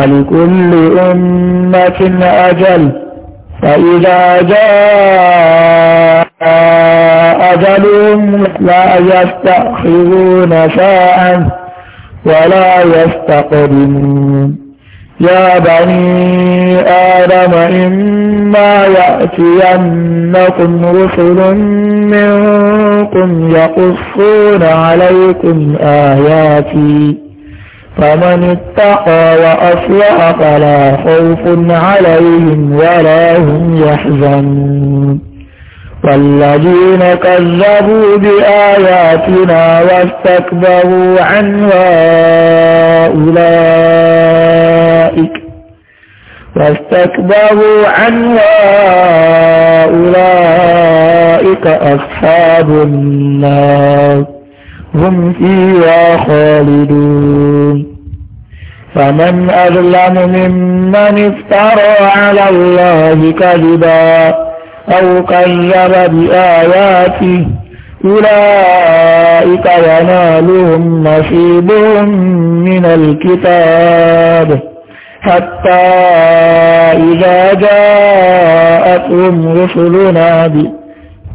فلكل أمة أجل فإذا جاء أجلهم لا يستأخرون ساعة ولا يستقدمون يا بني آدم إما يأتينكم رسل منكم يقصون عليكم آياتي فمن اتقى وأصلح فلا خوف عليهم ولا هم يحزنون والذين كذبوا بآياتنا واستكبروا عنها أولئك واستكبروا عنها أولئك أصحاب النار هم فيها خالدون فمن أظلم ممن افترى على الله كذبا أو كذب بآياته أولئك ينالهم نصيبهم من الكتاب حتى إذا جاءتهم رسلنا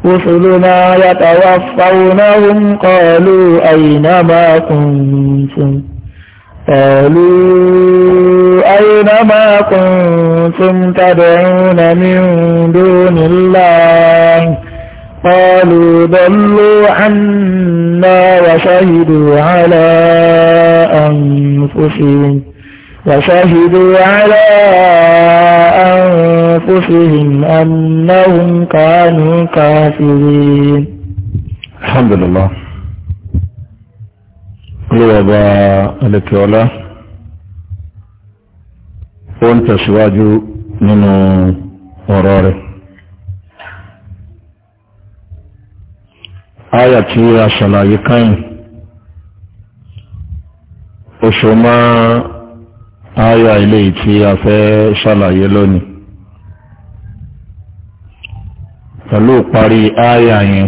رسلنا يتوفونهم قالوا أين ما كنتم قالوا أين ما كنتم تدعون من دون الله قالوا ضلوا عنا وشهدوا على أنفسهم وشهدوا على أنفسهم أنهم كانوا كافرين الحمد لله lọ́wọ́ba alẹ́kẹ́ọ́lá ó ń tẹ̀síwájú nínú ọ̀rọ̀ rẹ̀ áyà tí a ṣàlàyé káyìn oṣù mọ́ áyà ilé tí a fẹ́ ṣàlàyé lónìí pẹ̀lú parí áyà yẹn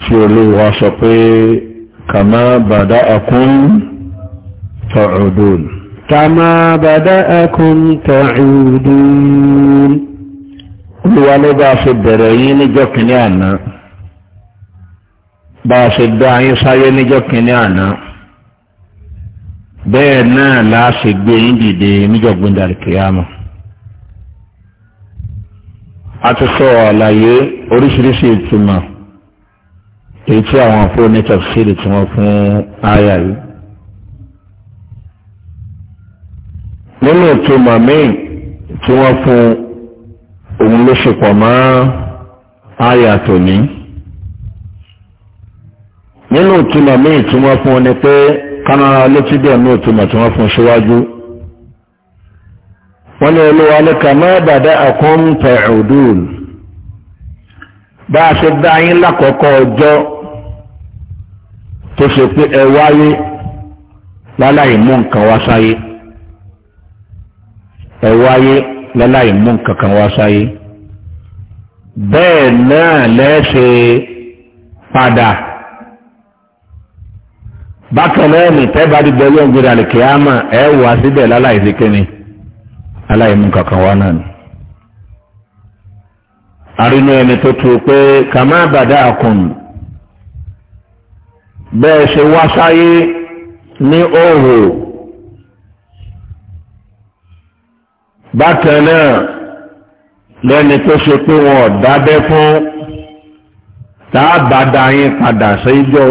tí olúwa sọ pé كما بدأكم تعودون كما بدأكم تعودون ولو باش الدرعين جوكني أنا باش الدعين صايني جوكني أنا bẹ́ẹ̀ náà láàṣẹ gbé yín dìde níjọ̀gbọ́n dàríkìyàmọ̀ a ti sọ àlàyé oríṣiríṣi ìtumọ̀ èyí tí àwọn afọ́ni tafsiri tí wọ́n fún àyà yìí. nínú ètò màmí tí wọ́n fún òun ló ṣe pọ̀ mọ́ àyà tòní. nínú ìtumọ̀ míì tí wọ́n fún ni pé kánára létí bẹ́ẹ̀ ní ìtumọ̀ tí wọ́n fún síwájú. wọ́n ní olúwa ní kàmá bàdá àkọ́ńtà ọ̀dùn bá a ṣe dá yín lákọ̀ọ́kọ́ ọjọ́ tó ṣe pé ẹ wáyé láláì mú nǹkan wá sáyé ẹ wáyé láláì mú nǹkan kan wá sáyé bẹ́ẹ̀ náà lẹ́ẹ̀ṣẹ̀ padà bákan náà ní tẹ́bàdì bẹ́ẹ̀ ń gbéra lèkè ámà ẹ wà síbẹ̀ láláì sí kíni láláì mú nǹkan kan wá náà ni arínú ẹni tó tu pé kàmá bàdá àkùnrin. bẹ́ẹ̀ ṣe wá sáyé ní òhò bákan náà lẹ́ni tó ṣe pé wọn ọ̀dábẹ́ fún tààbà yín padà sí ìjọ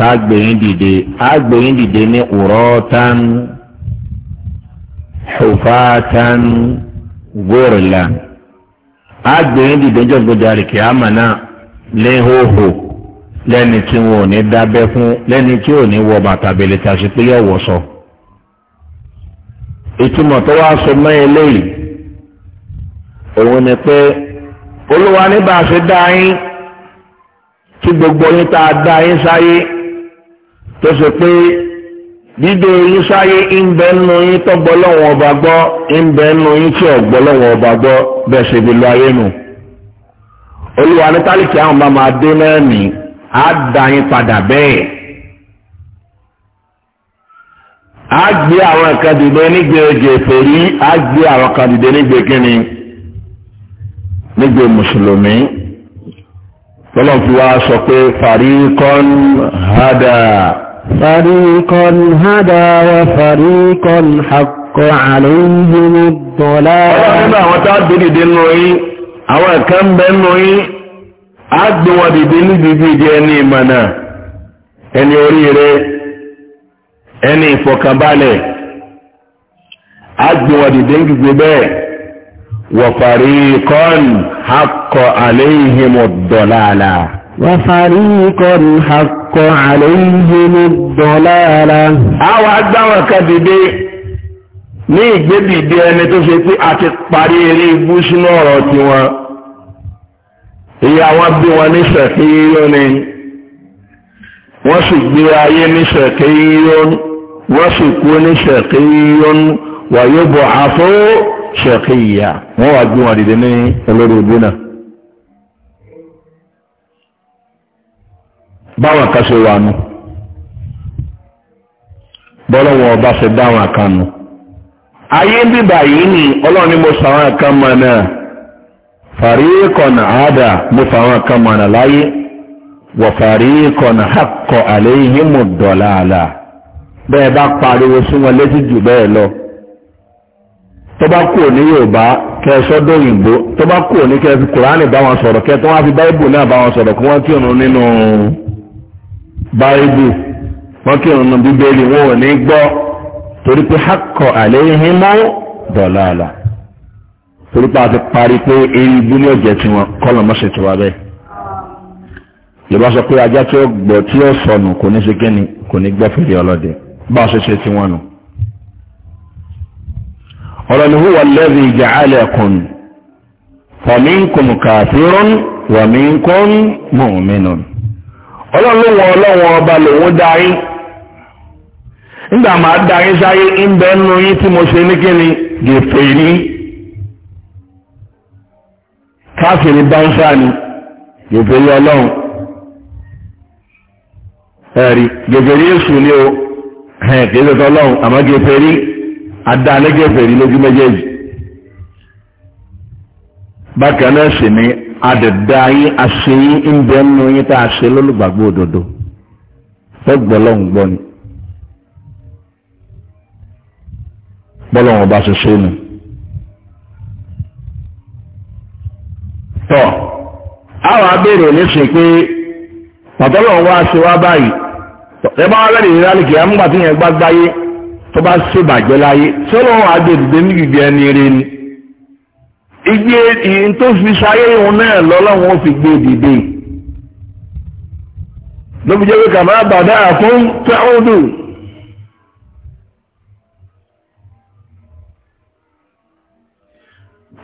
tá dìde a dìde ní uratan hufatan ghurlan a dìde ní lẹ́ni tí wọn ò ní dábẹ́ fún lẹ́ni tí ò ní wọ bàtà bèlè tí a ṣe pé yẹ wọ sọ. ìtumọ̀ tó wá sọ mọ́ eléyìí òun ni pé olúwa ní bá a ṣe dá yín tí gbogbo yín tá a dá yín sáyé tó ṣe pé dídé yín sáyé ń bẹ nínú yín tó gbọ́ ọba gbọ́ ń bẹ nínú yín tí ò gbọ́ ọba gbọ́ bẹ́ẹ̀ ṣe bí lọ ayé nù olúwa ní tálíkì àwọn bá máa dé mẹ́rin nìyí á dá yín padà bẹ́ẹ̀ á gbé àwọn kan dìde nígbè jèfèrí á gbé àwọn kan dìde nígbè kíni nígbè mùsùlùmí tọ́lọ́n fi wá sọ pé fàríkọ́n hádà fàríkọ́n hádà wà fàríkọ́n haqqo alayhim ad-dalal. ọlọ́run nínú àwọn tá a dúdìdì nù yín àwọn ẹ̀kẹ́ ń bẹ́ nù yín agbè wọn dìde níbi mana, ẹni ìmọ̀nà ẹni oríire ẹni ìfọ̀kànbalẹ̀ agbè wọn dìde gbígbé bẹ́ẹ̀ wọ̀fàrí kọ́n hakọ̀ àléhìmọ̀ dọ̀làlà. wọ̀fàrí kọ́n hakọ̀ àléhìmọ̀ dọ̀làlà. àwọn agbáwọn kan dìde ní ìgbébìdì ẹni tó ṣe pé a ti parí eré sínú tiwọn. ìyá wọn bí wọn ní ni wọ́n sì gbé ayé ní sẹ̀kíyó wọ́n sì kú ní sẹ̀kíyó wà yóò bọ̀ àfó sẹ̀kíyà wọ́n wà gbé wọn dìde ní olórí ìbí náà. báwọn kan ṣe wà nù bọ́lọ́wọ́ ọba ayé ni fàríkọ̀nà àádà mo fàwọn kan mọ̀nà láyé wọ̀ fàríkọ̀nà hakọ̀ àléhìmù dọ̀làlà bẹ́ẹ̀ bá pariwo sí wọn létí jù bẹ́ẹ̀ lọ tó bá kú ní yorùbá kẹsọ́dọ̀ òyìnbó tó bá kú ní kẹfì kùránì bá wọn sọ̀rọ̀ kẹtọ́ wọn fi báíbù náà bá wọn sọ̀rọ̀ kí wọ́n kírun nínú báíbù wọ́n kírun nínú bíbélì wọn ò ní gbọ́ torí pé hakọ̀ àléhìmù dọ̀làlà torí a ti parí pé eré ibú ní ọ̀jẹ̀ tiwọn kọ́lọ̀ mọ́sẹ̀ tiwa bẹ́ẹ̀. sọ pé ajá tí ó gbọ́ tí ó sọnù kò ní ṣe kò ní gbọ́ fèrè ọlọ́dẹ bá a ṣe ṣe tiwọn nù. ọ̀rọ̀ ni huwa alladhi ja'alakum faminkum kafirun wa minkum mu'minun. ọlọ́run wọn ọlọ́run ọba lòun darí nígbà máa darí sáyé mo ṣe ní kíni káfìrí dáńsá ni gègèrè ọlọ́run ẹ̀rí gègèrè èṣù ni o ẹ̀ kìí tẹ́tọ́ ọlọ́run àmọ́ gèfèrí adáni gèfèrí lójú méjèèjì bákan náà sì ni adẹ̀dá yín aṣeyín ń bẹ nínú yín tá a ṣe lólùgbàgbọ́ òdodo tó gbọ́lọ́hún gbọ́ ni bọ́lọ́hún ọba ṣe nù. tọ̀ àwọn abéèrè nísìn pé pàtọ́lọ̀ wá sí wá báyìí ẹ bá wá lẹ́rìí ìrírá lìkì àmúgbà tí yẹn gbá gbáyé tó bá ṣèbàjẹ́ láyé ní gbígbé ẹni rẹ ni ìgbé ìyìn tó fi ṣayé ìhun náà lọ́lọ́run ó fi gbé dìde lóbi jẹ́ pé bàdá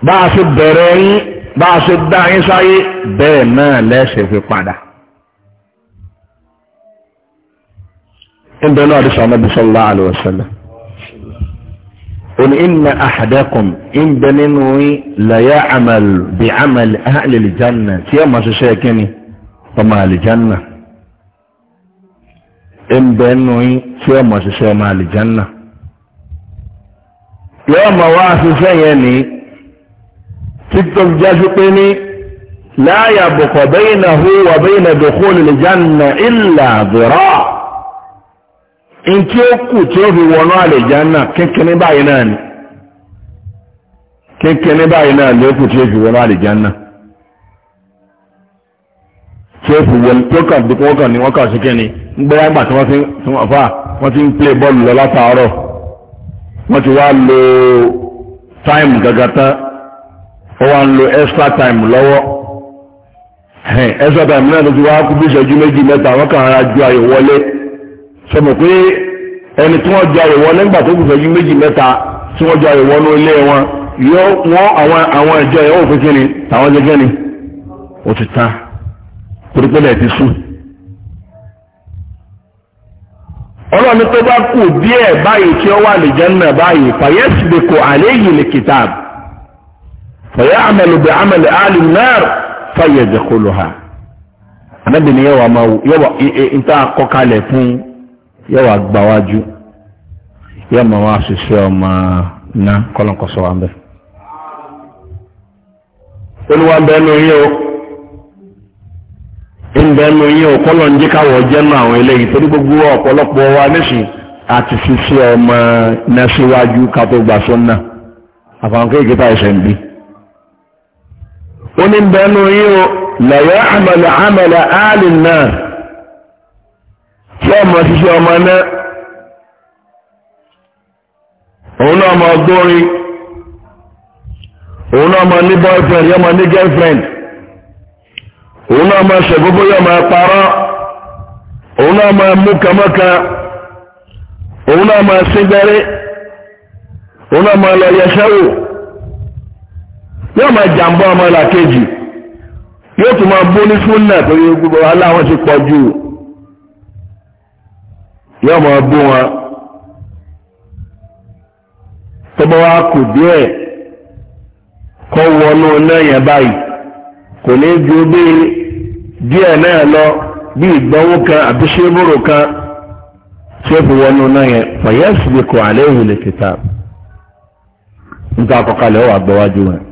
بعث الدراعي بعث الدعي صعي بما لا شرف قعدة عند الله رسول الله صلى الله عليه وسلم قل إن أحدكم ان ننوي لا يعمل بعمل أهل الجنة يا ما سيكني فما الجنة إن بنوي يا ما سيما الجنة يا ما واسسيني títọ́ jáde pé ní láàyà bùkọ̀ bẹ́yìn náà hu wà bẹ́yìn náà dòkó lè jánà ìlà dùrọ̀ ntí ó kù tí ó fi wọnú àlèjánà kékeré báyìí náà ni kékeré báyìí náà ló kù tí ó fi wọnú àlèjánà tí ó fi wọnú tó kàn dùkú wọ́n kàn ní wọ́n kàn sí kẹ́ni gbẹ́yà gbà tí wọ́n ti ń fà wọ́n ti ń play bọ́ọ̀lù lọ látàárọ̀ wọ́n ti wá lo táìmù gàgàtà ó wá ń lo extra time lọ́wọ́ extra time náà ló ti wá kú bí ìṣẹ́jú méjì mẹ́ta wọ́n kàn ra ju ayò wọlé sọmọ pé ẹni tí wọ́n ju ayò wọlé nígbà tó kù ìṣẹ́jú méjì mẹ́ta tí wọ́n ju ayò wọnú ilé wọn yóò wọ́n àwọn àwọn ìjọ yẹn wò pé kí ni tàwọn jẹ́ kí ni ó ti tán torí pé lẹ́ẹ̀ ti sùn. ọlọ́run tó bá kù díẹ̀ báyìí tí ó wà lè jẹ́ nà báyìí fàyẹ́sì lè kó àléyìn lè kìtàbù. fayamalu bi amali ali nar fayadkhuluha anabi ni yawa mawu yawa nta kọkalẹ̀ fún wa ṣiṣẹ́ ọmọ na ya wa mbẹ. olúwa ń bẹ nu yín o ń bẹ nu yín o kọlọ ń jíkà wọ jẹ nu ọmọ ká tó gbà ó ní bẹnu yí o lẹ̀yọ́ àmàlẹ̀ àmàlẹ̀ áàlì náà tí ọmọ ṣiṣẹ́ ọmọ náà òun náà mọ ọgọ́rin òun náà mọ ní boyfriend yọmọ ní girlfriend òun náà mọ ṣẹ̀gbogbo yọmọ parọ́ òun náà mọ múkàmọ́ka òun náà mọ sígbẹ́rẹ́ òun náà mọ lọ yóò ma jàǹbá ọmọlàkejì yóò tún máa bú ní súnà torí gbogbo aláwọn ti pọ̀ jù yóò máa bú wọn tọ́bọ̀ wa kù díẹ̀ kọ́ wọnú náà yẹn báyìí kò ní ju bí díẹ̀ náà lọ bí ìgbọ́wó kan àti ṣébùrù kan ṣé fi wọnú náà kọ́ àléhùn lè àkọ́kọ́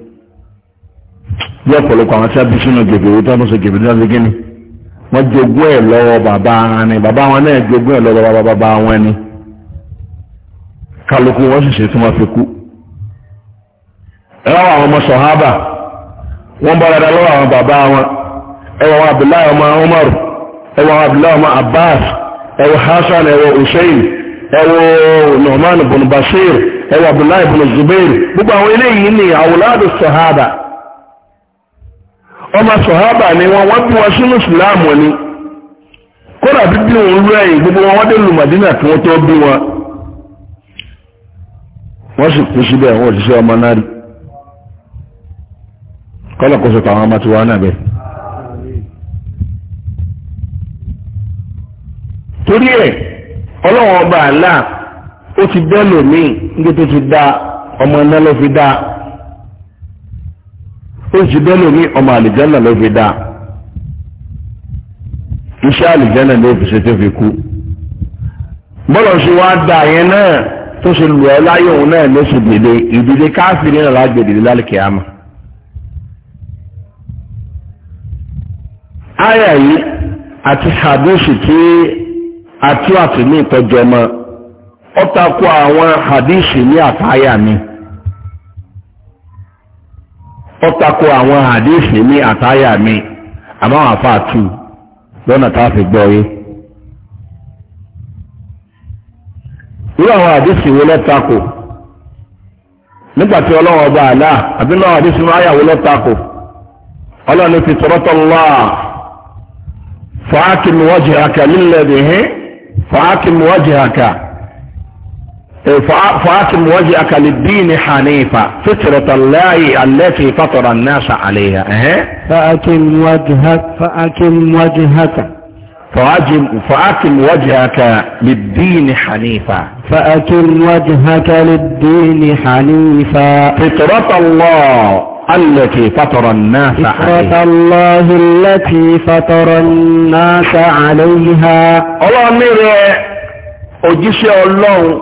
bí ọ̀pọ̀lọpọ̀ àwọn tí a bí sínú gègèrè tó ń sọ gègèrè náà ni wọ́n jogún ẹ̀ bàbá wọn ni bàbá wọn náà jogún ẹ̀ bàbá wọn ni kálukú wọ́n sì ṣe tí wọ́n fi kú. àwọn ọmọ sọ̀hábà wọ́n bàbá wọn Abdullahi ọmọ Umar Abdullahi ọmọ Abbas Hasan Hussein Abdullahi Zubair gbogbo àwọn eléyìí ọmọ sọ̀hábà ni wọ́n wọ́n bí wọn sínú ìsìláàmù ni kódà bíbí òun rú ẹ̀yìn gbogbo wọn wọ́n dé kí wọ́n tó bí wọn wọ́n sì kú síbẹ̀ wọ́n ṣe ọmọ náà rí kó àwọn ọmọ ọba ó ti bẹ́ẹ̀ lòmíì nígbà tó ti dá ó sì bẹ́ẹ̀ lómi ọmọ àlìjánà ló fi dáa iṣẹ́ àlìjánà ló fi ṣe tó fi kú bọ́lọ̀ ṣe wá dà yẹn náà tó ṣe lù ọ́ láyé òun náà ló sì dìde ìdílé káfíìnì náà lágbèdè lálùkè àmà. àyà yìí àti hadíṣì tí àti àtìmí ìtọ́jú ọmọ ó takò àwọn hadíṣì ní àtàyà mi. ó tako àwọn àdéhìsì ní àtàyà mi àmọ́ àwọn tù lọ́nà tá a fi gbọ́ yé. irú àwọn àdéhìsì wo tako nígbàtí ọlọ́wọ́ ọba àlá àbí náà àdéhìsì máa yàwó ló tako ọlọ́ni fi tọ́rọ́tọ́ lọ́ fàákìmù wajhaka lílẹ̀ dìhín fàákìmù إيه، فاكم وجهك للدين حنيفا فطرة الله التي فطر الناس عليها أه. فاكم وجهك فاكم وجهك فاكم فاكم وجهك للدين حنيفا فاكم وجهك للدين حنيفا فطرة الله التي فطر الناس عليها فطرة الله التي فطر الناس عليها الله أمير أجيسي الله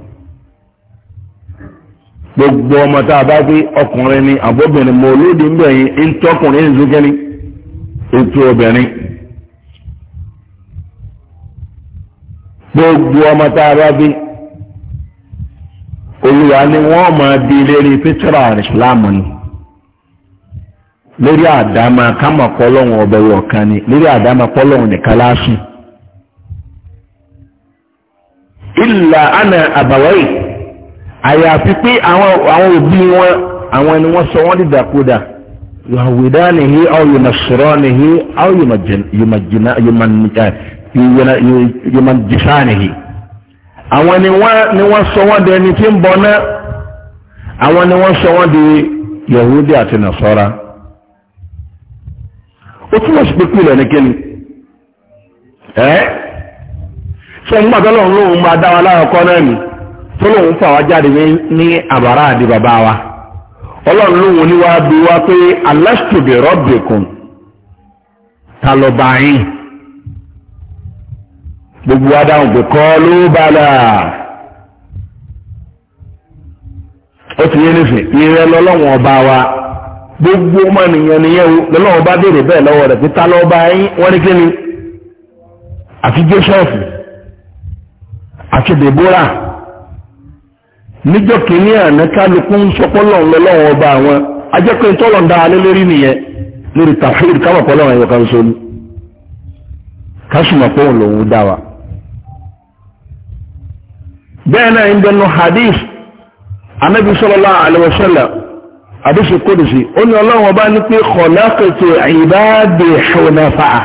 gbogbo ọmọ tá a bá gbé ọkùnrin ni àbọ̀bìnrin mọ olóde ń tọkùnrin ń ètò obìnrin. gbogbo ọmọ tá a bá gbé olùwà ni wọ́n máa di lérí pétérà ìsìlámù ni lórí àdámà kámà pọ́lọ́hún ọbẹ̀ wọ̀ kan ni lórí àdámà àyàfi pé àwọn àwọn òbí wọn àwọn ẹni wọn sọ wọn ni yòhùwìdánìhí ọ ọ̀yùnàjìsánìhí àwọn ni wọ́n ni wọ́n sọ wọ́n di ẹni tí ń bọ̀ náà àwọn ni wọ́n sọ di yahudi àti nasọ́ra o túnmọ̀ sí pípé ilẹ̀ nìkéni ẹ́ sọ ń gbàdọ́ lọ́run lóun máa dá wa tọ́lọ́hún fà wá jáde ní àbárà àdì bàbá wa ọlọ́run lóhun ní wàá bí wá pé alásùbẹ̀ rọ́bìkùn ta lọ bá gbogbo adahun pé kọ́ ló bá là ó ti yé nífẹ̀ẹ́ ìrẹ́ ọba wa gbogbo ọmọ nìyẹn o bá bẹ́ẹ̀ lọ́wọ́ rẹ̀ pé ta lọ bá wọ́n ní níjọ́ kìíní àná kálukú ń sọpọ́lọ̀ lọ́lọ́wọ́ ọba àwọn ajẹ́kọ̀ọ́ tọ́lọ̀ ń dáa lélórí nìyẹn lórí tàfíìrì kámọ̀pọ̀lọ̀ ẹ̀yọ̀ kan so ní kásùmọ̀ pé òun lòun dá wa. bẹ́ẹ̀ náà ń dẹnu hadith anabi sallallahu alaihi wasallam àdúsù kódùsì ó ní ọlọ́run ọba ní pé khalaqtu ibadi hunafa'a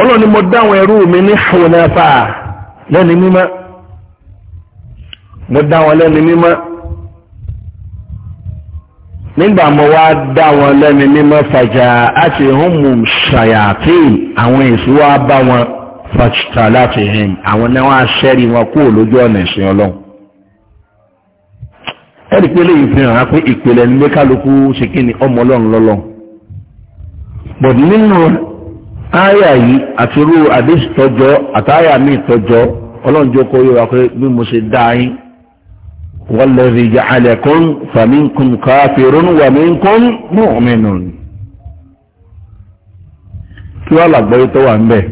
ọlọ́run mo dáwọn ẹrú mi ní hunafa'a lẹ́ni mímọ́ mo dá wọn lẹ́nu mímọ́ nígbà mo wá dá wọn lẹ́nu mímọ́ fàjà àti hùmù ṣàyàtìn àwọn èsì wá bá wọn fàṣítà láti hìm àwọn náà wá ṣẹ́rí wọn kúrò lójú ọ̀nà ìsìn ọlọ́run ẹ̀rí pé léyìí fi hàn á pé ìpìlẹ̀ nílé kálukú ṣe kí ni ọmọ ọlọ́run lọ́lọ́run bọ̀dù nínú áyà yìí àti irú àdéṣì tọ́jọ́ àtàyà míì tọ́jọ́ ọlọ́run jókòó yóò wá pé bí mo ṣe dá yín والذي جعلكم فمنكم كافر ومنكم مؤمن kí wá làgbọ́yé tó wà ń bẹ̀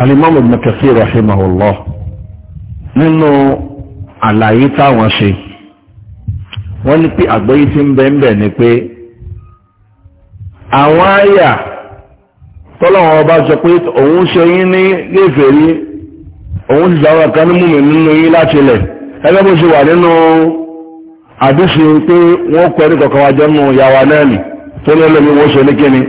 alimọ́mù ibn Kathir rahimahullah nínú àlàyé táwọn ṣe wọ́n ní pé àgbọ́yé tí ń bẹ ń bẹ̀ ni pé àwọn àyà tọ́lọ́wọ́n ọba sọ pé òun ṣe yín ní léfèrí òun sì sáwọn kan ní múmi nínú yín láti ẹgbẹ́ bó ṣe wà nínú àdíṣe pé wọ́n kọ ẹni kọ̀ọ̀kan wájọ́ nù yàwá náà tó ní ẹlòmí wọ́n ṣe ní kíni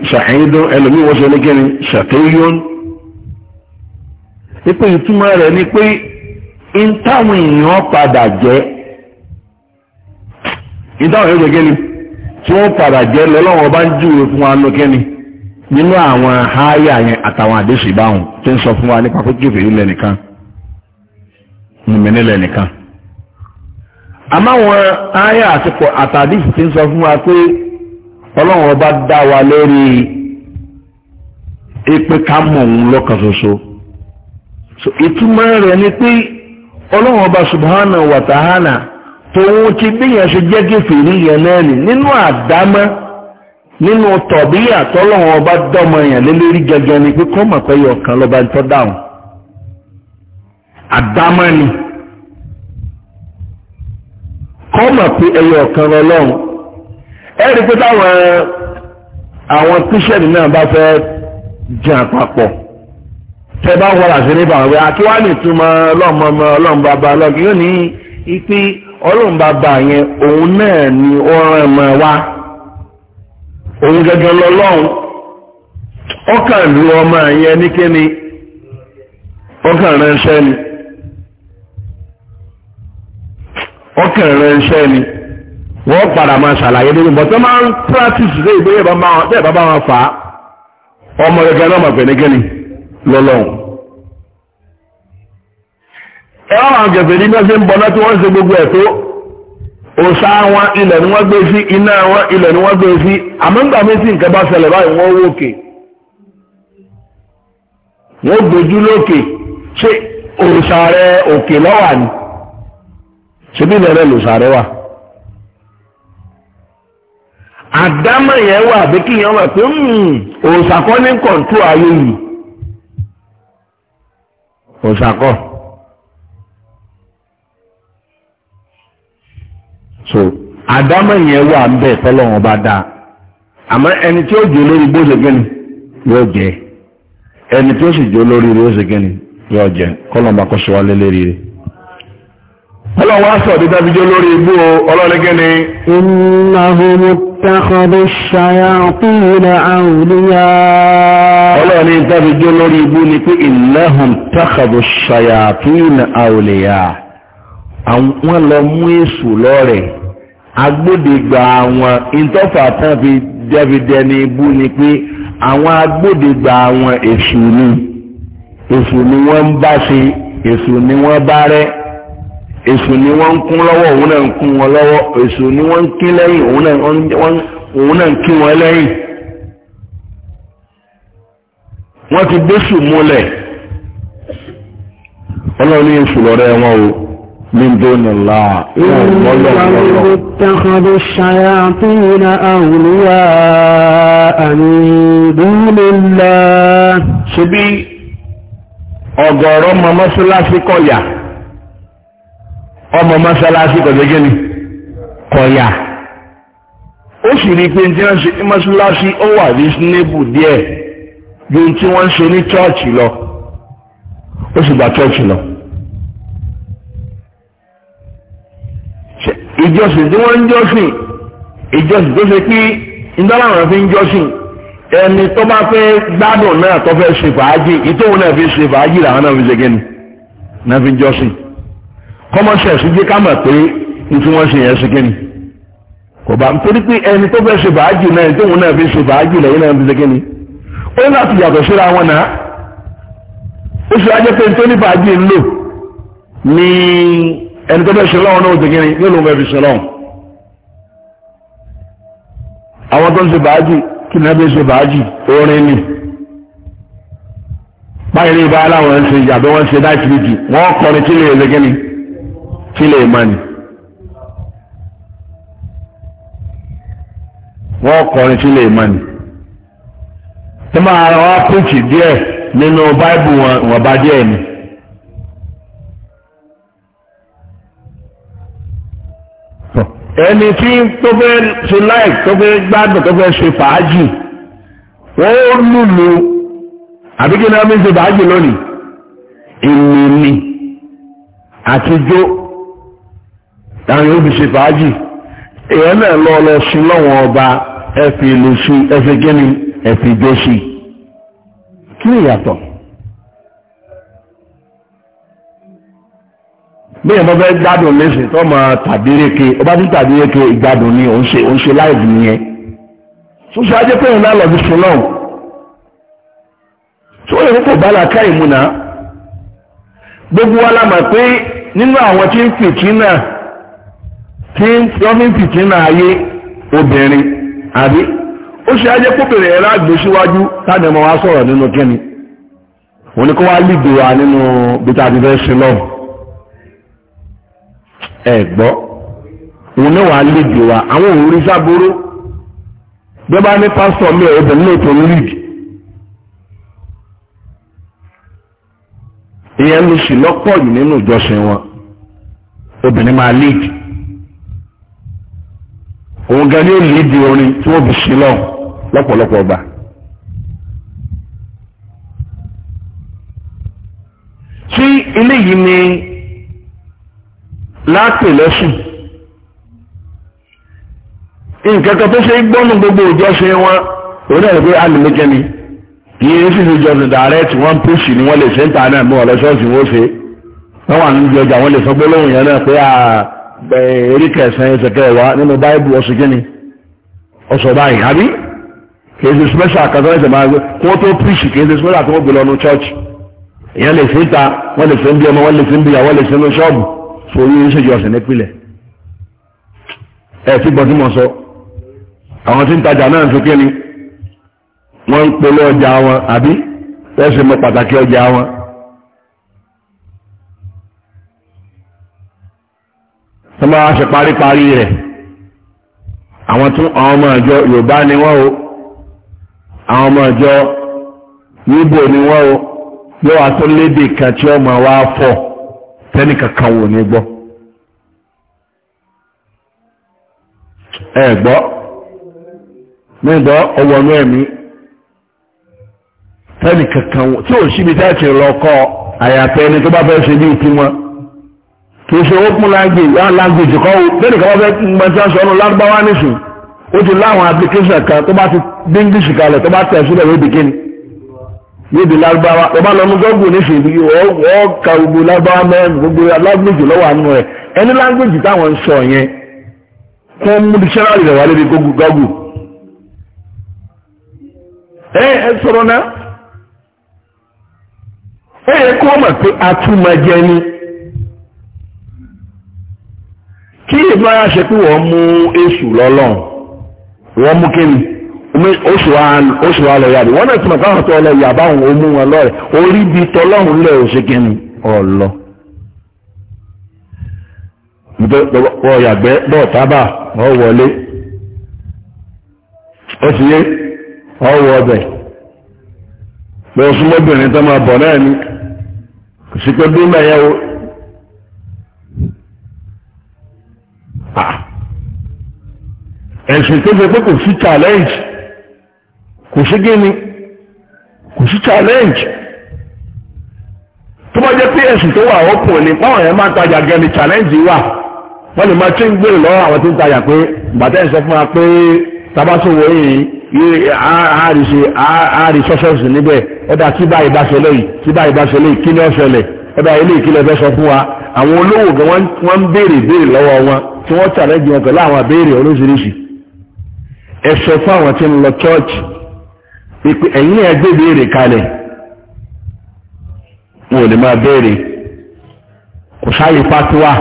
ẹlòmí ni pé in táwọn èèyàn padà jẹ́ in táwọn èèyàn jẹ́ kíni tí wọ́n padà jẹ́ lọ́lọ́wọ́ bá ń júwe fún wa nù kíni nínú àwọn yẹn àtàwọn sọ fún wa nípa pé kí àmọ́ àwọn ayé àtipọ̀ àtàdé ti ń sọ fún wa pé ọlọ́run ọba dá wa lórí ipe ká mọ̀ òun lọ́kàn ṣoṣo ìtumọ̀ rẹ̀ ni pé ọlọ́run ọba subhana wa ta'ala tòun ti gbìyànjú ṣe jẹ́ gèfè níyẹn náà nì nínú àdámọ́ nínú tọ̀bíyà tọ́lọ́run ọba dọ́mọ yàn lé lórí gẹ́gẹ́ ni pé kọ́mọ̀ pé yọ̀ọ̀kan lọ́ba tó dáhùn àdámọ́ ni. kọma mọ̀ pé ẹyọ ọ̀kan lọ́lọ́run ẹ rí pé táwọn àwọn kírísítẹ́nì náà bá fẹ́ jẹ àpapọ̀ tẹ́ bá wọ́n ni ó rán wa òun gẹ́gẹ́ lọ́lọ́run ọkàn lu ọmọ yẹn níkẹ́ni ọkàn ọkàn rẹ̀ ń ṣẹ́ ni wọ́n padà máa ṣàlàyé nínú bọ́ máa ń practice lé ìgbé yẹn bá bá wọn fà á ọmọ gẹ́gẹ́ náà màpẹ̀ ní gẹ́ni lọ́lọ́run. ẹ wọ́n àwọn gẹ̀fẹ̀ ní mẹ́sẹ̀ ń náà tí wọ́n ń ṣe gbogbo ẹ̀ tó òṣà wọn ilẹ̀ ni wọ́n gbé sí iná wọn ilẹ̀ ni wọ́n gbé sí àmọ́ ń gbà mí tí nǹkan bá ṣẹlẹ̀ báyìí wọ́n wó òkè wọ́n gbójú lókè ṣé òṣà rẹ̀ òkè lọ́wà ni. ṣebí lẹ́rẹ́ lòsàrẹ́ wà àdámọ̀ yẹn wà bí kí yẹn wà pé hmm, ní kọ̀ǹtù ayé yìí so àdámọ̀ yẹn wà ń bẹ̀ tọ́lọ́wọ́n bá dáa àmọ́ ẹni tí ó jẹ́ lórí bó yóò jẹ́ ẹni tí ó sì jẹ́ lórí rẹ̀ yóò jẹ́ ọlọ́run wá sọ̀dí dábíjó lórí ibú ọlọ́lẹ́gẹ́ ni innahum ittakhadhu ash-shayatin awliya ọlọ́run dábíjó lórí ibú ni pé innahum ittakhadhu ash-shayatin awliya àwọn lọ mú èṣù lọ́rẹ̀ agbódegbà àwọn ìtọ́fà tán fi dábíjẹ́ ní ibú ni pé àwọn agbódegbà àwọn èṣù ni èṣù ni wọ́n ń bá ṣe èṣù ni wọ́n bá rẹ́ èṣù ni wọ́n ń kún lọ́wọ́ òun náà ń kún wọn lọ́wọ́ èṣù ni wọ́n ń kín lẹ́yìn òun náà ń kín wọn lẹ́yìn wọ́n ti gbéṣù múlẹ̀ ọlọ́run ní èṣù lọ́rẹ́ wọn o min dóni la ìwọ̀n اتخذوا الشياطين أولياء ọ̀gọ̀rọ̀ mọ́ mọ́sálásí kọ̀yà ọmọ mọ́sálásí kọ̀dẹ́gẹ́ ni kọ̀yà ó sì rí i pé tí wọ́n ṣe ní mọ́sálásí ó wà reasonable díẹ̀ ju tí wọ́n ṣe ní chọ́ọ̀chì lọ ó sì gba chọ́ọ̀chì lọ. ìjọsìn tí wọ́n ń jọ́sìn ìjọsìn tó ṣe pé ìdánláwọn fi ń jọ́sìn ẹni tó bá fẹ́ gbádùn náà tó fẹ́ ṣe fàájì ìtòun náà fi ṣe fàájì làwọn náà fi ṣe kẹ́ni náà fi ń jọ́sìn kọ́mọ́sẹ̀sì jẹ́ ká mọ̀ pé ní tí wọ́n ṣe yẹn sí kíni kò bá nítorí pé ẹni tó fẹ́ ṣe fàájì náà ẹni tóun náà fi ṣe fàájì lẹ́yìn náà fi ṣe ó láti yàtọ̀ síra wọn náà ó ṣe ajẹ́ pé nítorí fàájì ń lò ní ẹni tó fẹ́ ṣe lọ́wọ́ náà ti yóò lóun fẹ́ fi ṣe lọ́wọ́ àwọn tó ń ṣe fàájì kí ni wọ́n fi ṣe fàájì orin ni báyìí ní ibà aláwọ̀ ń ṣe yàtọ̀ wọ́n ṣe dáìtì méjì wọ́n kọrin kí lè fílẹ̀ ìmánì wọ́n kọrin fílẹ̀ ìmánì tí máa ra wá pèjì díẹ̀ nínú báìbù wọn bá díẹ̀ ni. ẹni tí tó fẹ́ ṣe láìk tó fẹ́ gbádùn tó fẹ́ ṣe fàájì wọ́n ó lùlù àbíkí náà mi ṣe fàájì lónìí ìlú ni àtijọ́. àwọn yóò fi fàájì èèyàn náà lọ lọ sí lọ́wọ́n ọba ẹ ìlú sí ẹ fi kíni sí kí ni ìyàtọ̀ bí fẹ́ gbádùn lẹ́sìn tó máa ọba tí tàbíreke ìgbádùn ni òun ṣe ṣe láìdì nìyẹn sọ́sọ́ ajé pé òun náà lọ fi sùn tí wọ́n lè la tí wọ́n fi náà ayé obìnrin àbí ó ṣe ajé kóbìnrin ẹ̀rọ àgbésíwájú táàdì ọmọ wa sọ̀rọ̀ nínú kíni wọn ni kó wá nínú bíta ti fẹ́ lọ́wọ́ ẹ̀ gbọ́ wa àwọn òórí sábúrú bí bá ní pásítọ̀ mi ìyẹn ló sì lọ́pọ̀ yìí nínú ìjọsìn wọn obìnrin òun gan ni ó lè di orin tí wọ́n fi ṣe lọ́hùn lọ́pọ̀lọpọ̀ ọgbà. tí eléyìí ni láàpè lẹ́sùn nǹkan kan tó ṣe gbọ́nù gbogbo ìjọsìn wọn òun náà pé alùmíkẹ́ ni kì í sì ṣe ìjọsìn direct wọ́n pèsè ni wọ́n lè ṣe ń ta náà mọ́ ọ̀lọ́ṣọ́ọ̀sì wọ́n ṣe wọ́n wà nínú ìjọjà wọ́n lè sọ gbólóhùn yẹn náà pé àà. Ah, bẹ̀ẹ̀rí kẹsàn ẹsẹ̀ kẹwàá nínú báìbù ọ̀sùn kíni ọ̀sọ̀ báyìí àbí kèsì special kàtàkì ẹsẹ̀ máa gbé kí wọ́n tó preach kèsì special tó gbé lọ church èèyàn lè fi ta wọ́n lè fi ń bí ọmọ wọ́n lè fi ń bí ìyàwó lè fi ń lọ ṣọ́ọ̀bù sórí ìṣèjì ọ̀sẹ̀ nípìnlẹ̀ ẹ̀ tí gbọ́dún sọ àwọn tí ń tajà náà tó kíni wọ́n ń polówó ọjà wọn àbí wọ́n sì mọ pàtàkì ọjà wọn tó máa ṣe paríparí rẹ̀ àwọn tún àwọn ọmọ ìjọ Yorùbá ni wọ́n o àwọn ọmọ ìjọ Yíbò ni wọ́n o yóò wá tó kan wa fọ tẹ́nì kankan wò ní gbọ́. gbọ́ mi ẹ̀mí tẹ́nì kankan wò tí ò síbi tá lọ kọ́ àyàfẹ́ ni tó bá fẹ́ ṣe kì í open language àwọn ah, language kọ́ o lẹ́nu kan wọ́n fẹ́ mẹ́ta sọ́nù lárúbáwá nìsín ó ti láwọn application kan tó bá ti dé english kalẹ̀ tó bá tẹ̀ sílẹ̀ yóò di kíni yóò di lárúbáwá tó bá lọ nu gọ́gùn nìsín ọ̀ ka gbogbo lárúbáwá mẹ́rin gbogbo language lọ́wọ́ àánú rẹ̀ ẹni language táwọn ń sọ yẹn kún mú dictionary rẹ̀ wá lórí gọ́gùn ẹ ẹ sọ̀rọ̀ náà ẹ yẹ kó mọ̀ pé atúmọ̀jẹ ni. èdè ara ṣe pé wọ́n mú èṣù lọ́lọ́run wọ́n mú kíni oṣù wa lọ yàrá wọ́n náà ti mọ̀ káwọn tó lọ yàbá òun ó mú wọn lọ́rẹ̀ orí bí tọ́lọ́run lẹ̀ ò ṣe kíni ọ̀lọ́ ọ̀yàgbẹ́ bọ̀ tábà ọ̀ tó máa bọ̀ náà ni kò sí pé bí mẹ́yẹ ẹ̀sìn tó fẹ́ pé kò sí challenge kò sí gíní kò sí challenge tó bá jẹ́ pé ẹ̀sìn tó wà ọ̀pọ̀ ni báwọn yẹn máa tajà challenge wà wọ́n lè máa tí ń gbèrè lọ́wọ́ àwọn tó ń tajà pé bàtẹ́ ń sọ fún wa pé tabasowó yìí àárí sọ́sọ́sì níbẹ̀ ọ̀dà tí báyìí bá ṣẹlẹ̀ yìí tí báyìí ẹba ilé ìkílẹ̀ fẹ́ sọ fún wa àwọn olówó gan wọ́n ń béèrè béèrè lọ́wọ́ wọn tí wọ́n challenge wọn pẹ̀lú àwọn àbẹ́rẹ̀ oríṣiríṣi ẹ sọ fún àwọn tí ń lọ chọ́ọ̀chì pípẹ́ ẹ̀yìn ẹgbẹ́ béèrè kalẹ̀ wọn ò lè máa béèrè kò sáyé fatuwa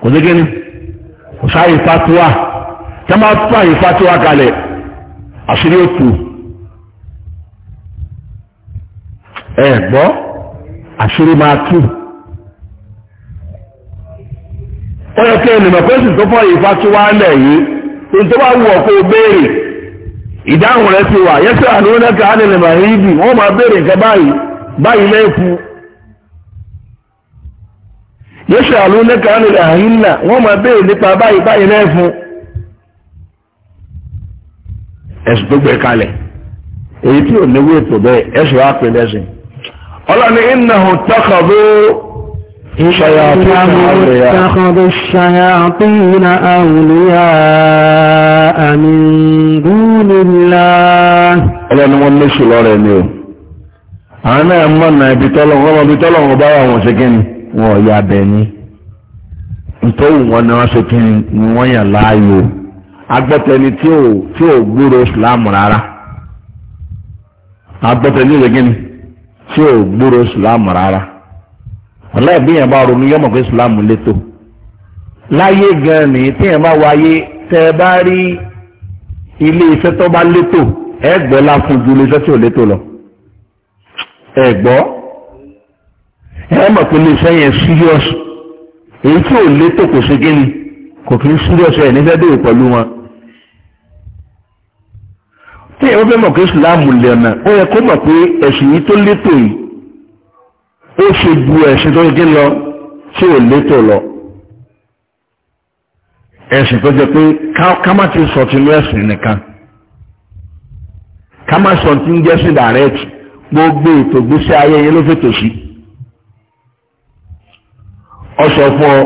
kò sí kíni kò sáyé fatuwa tí wọ́n bá fàyè fatuwa kalẹ̀ àṣírí òtù ẹ̀ gbọ́. àṣírí máa tú ó yẹ kí ẹnìmọ̀ pé sì tó fọ́ ìfà tó wá lẹ̀ yìí tó tó bá wù ọ́ kó o béèrè ìdáhùn rẹ ti wà yẹ́sẹ̀ àlùmọ́nẹ́kà á nílẹ̀ màá yí bì wọ́n máa béèrè nǹkan báyìí báyìí lẹ́ẹ̀kú á nílẹ̀ wọ́n máa béèrè nípa báyìí báyìí ẹ̀sùn tó kalẹ̀ èyí tí ò ọlọ́ni ìnáhùn tọ́kọ̀bú اتخذوا الشياطين أولياء من دون الله ọlọ́ni wọ́n léṣù lọ́rẹ̀ ni o àánà ẹ̀mọ́ na ibi tọ́lọ́wọ́ ọmọ ibi tọ́lọ́wọ́ bá wà wọ́n ṣe kí ni wọ́n yà bẹ̀ ni nítorí wọn ni wọ́n ṣe kí ni wọ́n yà láàyò agbọ́tẹni tí ò gbúrò Islam rárá agbọ́tẹni ìrẹ́gẹ́ni tí ò gbúrò ìsìláàmù rárá ọ̀lẹ́ bí yẹn bá ronú yọmọ̀ pé ìsìláàmù létò láyé gan ni tí yẹn bá wáyé tẹ́ ẹ bá rí ilé iṣẹ́ tó bá létò ẹ gbọ́ láfún ju ilé iṣẹ́ tí ò létò lọ ẹ gbọ́ ẹ mọ̀ pé ilé iṣẹ́ yẹn serious èyí tí ò létò kò ṣe kí ni kò kí ń serious ẹ̀ nífẹ̀ẹ́ dèrò pẹ̀lú wọn tí ẹ̀rọ fẹ́ mọ̀ pé ìsìláàmù lẹ́nà ó yẹ kó mọ̀ pé ẹ̀sìn yìí tó létò yìí ó ṣe ju ẹ̀sìn tó gé lọ tí ò létò lọ ẹ̀sìn tó jẹ pé ká má ti sọ tinú ẹ̀sìn nìkan ká má sọ tí ń jẹ́sìn dàrẹ́ẹ̀tì gbogbo ètò gbèsè ayé yẹn ló fètò sí ọ sọ fún ọ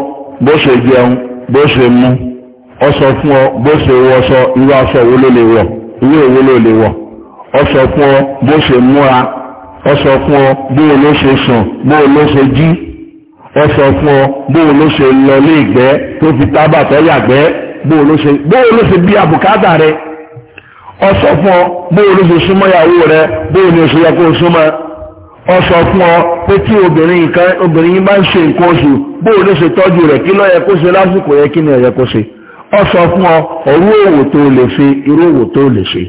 bó ṣe jẹun bó ṣe mu ọ sọ fún ọ bó ṣe wọṣọ irú aṣọ wo ló lè wọ̀ ilé òwò ló lè wọ̀ ọ sọ fún ọ bó ṣe múra ọ sọ fún ọ bó o ló ṣe sùn bó o ló ṣe jí ọ sọ fún ọ bó o ló ṣe lọ lé ìgbẹ́ tó fi tábà tó yàgbẹ́ bó o ló ṣe bí àbùkádà rẹ ọ fún ọ bó o ló ṣe súnmọ́ ìyàwó rẹ bó o ní oṣù yẹ kó o súnmọ́ ọ fún ọ pé tí obìnrin nǹkan obìnrin yín bá ń ṣe nǹkan oṣù bó o ló ṣe tọ́jú rẹ̀ kí ló kó ṣe lásìkò yẹ kí ni ó kó ṣe. ọ sọ fún ọ ọrú òwò tó lè ṣe irú òwò tó lè ṣe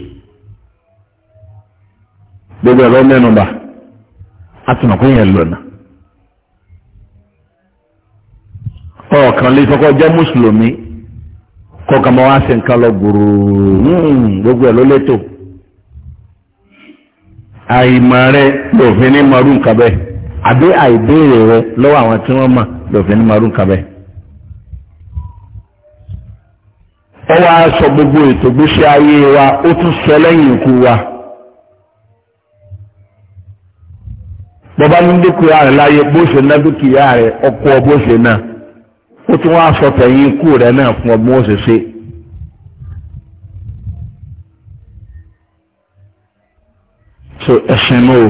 gbogbo ẹ̀rọ mẹ́nuba àtùnàkùn yẹn lọ́nà ọ̀kan lè kọ́kọ́ jẹ́ mùsùlùmí kọ́kàn máa wá sí nǹkan lọ gbòòrò hmm, gbogbo ẹ̀ ló àìmọ̀ rẹ lòfin ní àbí àìbéèrè rẹ lọ́wọ́ àwọn tí wọ́n mọ̀ lòfin ní ó wá sọ gbogbo ètò gbésí ayé wa ó tún sọ lẹ́yìn ikú wa bọ́bá ní dúkìá rẹ̀ láyé bó ṣe ná dúkìá rẹ̀ ọkọ̀ bó ṣe náà ó tún wá sọ tẹ̀yìn ikú rẹ̀ náà fún ọgbọ́n òṣèṣe. so ẹ̀sìn mọ́ o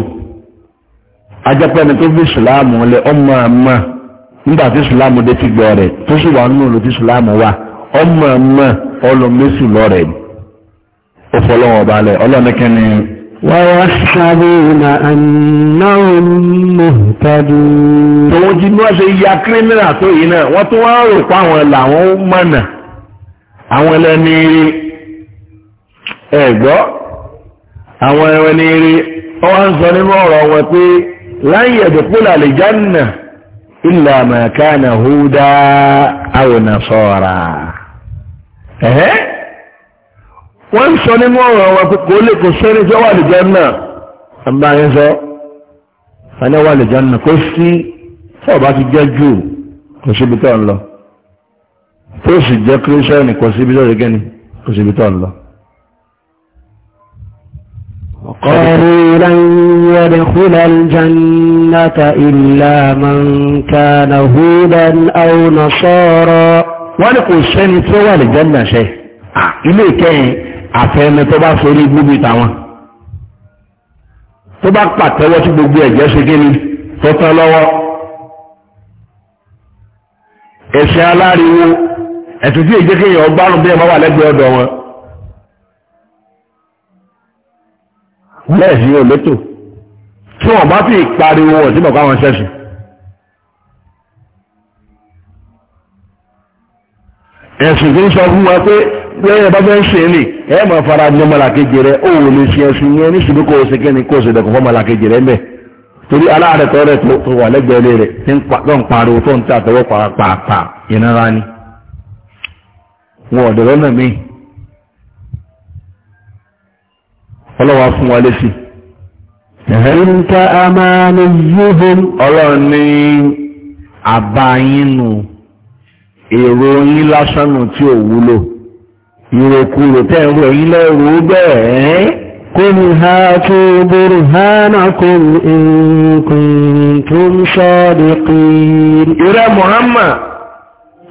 ajẹ́pẹ́ni tó bí ìsìláàmù lẹ ọmọ àmọ́ nígbà tí ìsìláàmù dé ti gbọ́ rẹ̀ tó sì wà nínú ìlú tí ìsìláàmù wà ọmọ ọmọ ọlọmẹsù lọrẹ ó fọlọ́wọ́ balẹ̀ ọlọ́nìkẹ́ni. ويحسبون أنهم مهتدون tòun ti ní wọ́n ṣe ya kírímìnà tó yìí náà wọ́n tún wọ́n rò pa àwọn làwọn mọ̀nà àwọn ẹlẹ́ni rí ẹ̀gbọ́ àwọn ẹlẹ́ni rí wọ́n sọ nínú ọ̀rọ̀ wọn pé lan yadkhula al-janna illa ma kana huda aw nasara ẹ̀hẹ́ wọ́n ń sọ nínú ọ̀rọ̀ wọn pé kò lè kò sẹ́ni tí ó wà lè jẹun náà àbá yẹn sọ ẹni wà lè jẹun náà kò sí tí ti jẹ́ jù kò síbi tó ń lọ tó sì jẹ́ kírísẹ́nì kò síbi tó gẹ́ni kò síbi tó ń lọ. وقالوا لن يدخل الجنة إلا من كان هودا أو نصارا wọ́n ní kò sẹ́ni tí ó wà ní jẹ́nà ṣe ilé ìkẹyìn àfẹ́ni tó bá forí gbúgbì táwọn tó bá pàtẹ́wọ́ sí gbogbo ẹ̀jẹ̀ ṣe kí ni tó tán lọ́wọ́ ẹ̀ṣẹ̀ aláriwo ẹ̀sùn tí èjì kéèyàn ọgbárùn bí ẹ̀mọ́ wà lẹ́gbẹ̀ẹ́ ọ̀dọ̀ wọn bẹ́ẹ̀ sí yóò létò tí wọ́n bá fi pariwo ọ̀sìn bàbá wọn ṣẹ̀ṣin ẹ̀sìn tó ń sọ fún wa pé lẹ́yìn bá fẹ́ ń sìn ní ẹ máa fara ní ọmọlàkejì rẹ ó wò lè ṣe ẹ̀sìn yẹn níṣìbí kò ṣe kẹ́ni kò ṣe dẹ̀kọ̀ fọmọlàkejì rẹ mẹ́ torí aláàrẹ rẹ tó wà lẹ́gbẹ̀ẹ́ rẹ tí ń pariwo tó ń pàápàá ni wọn ọlọ́wà fún wa lẹ́sìn. èrò yín lásán nù tí ò wúlò ìròkúrò tẹ́ ń rò yín lẹ́rù bẹ́ẹ̀ قل هاتوا برهانكم إن كنتم صادقين إلى محمد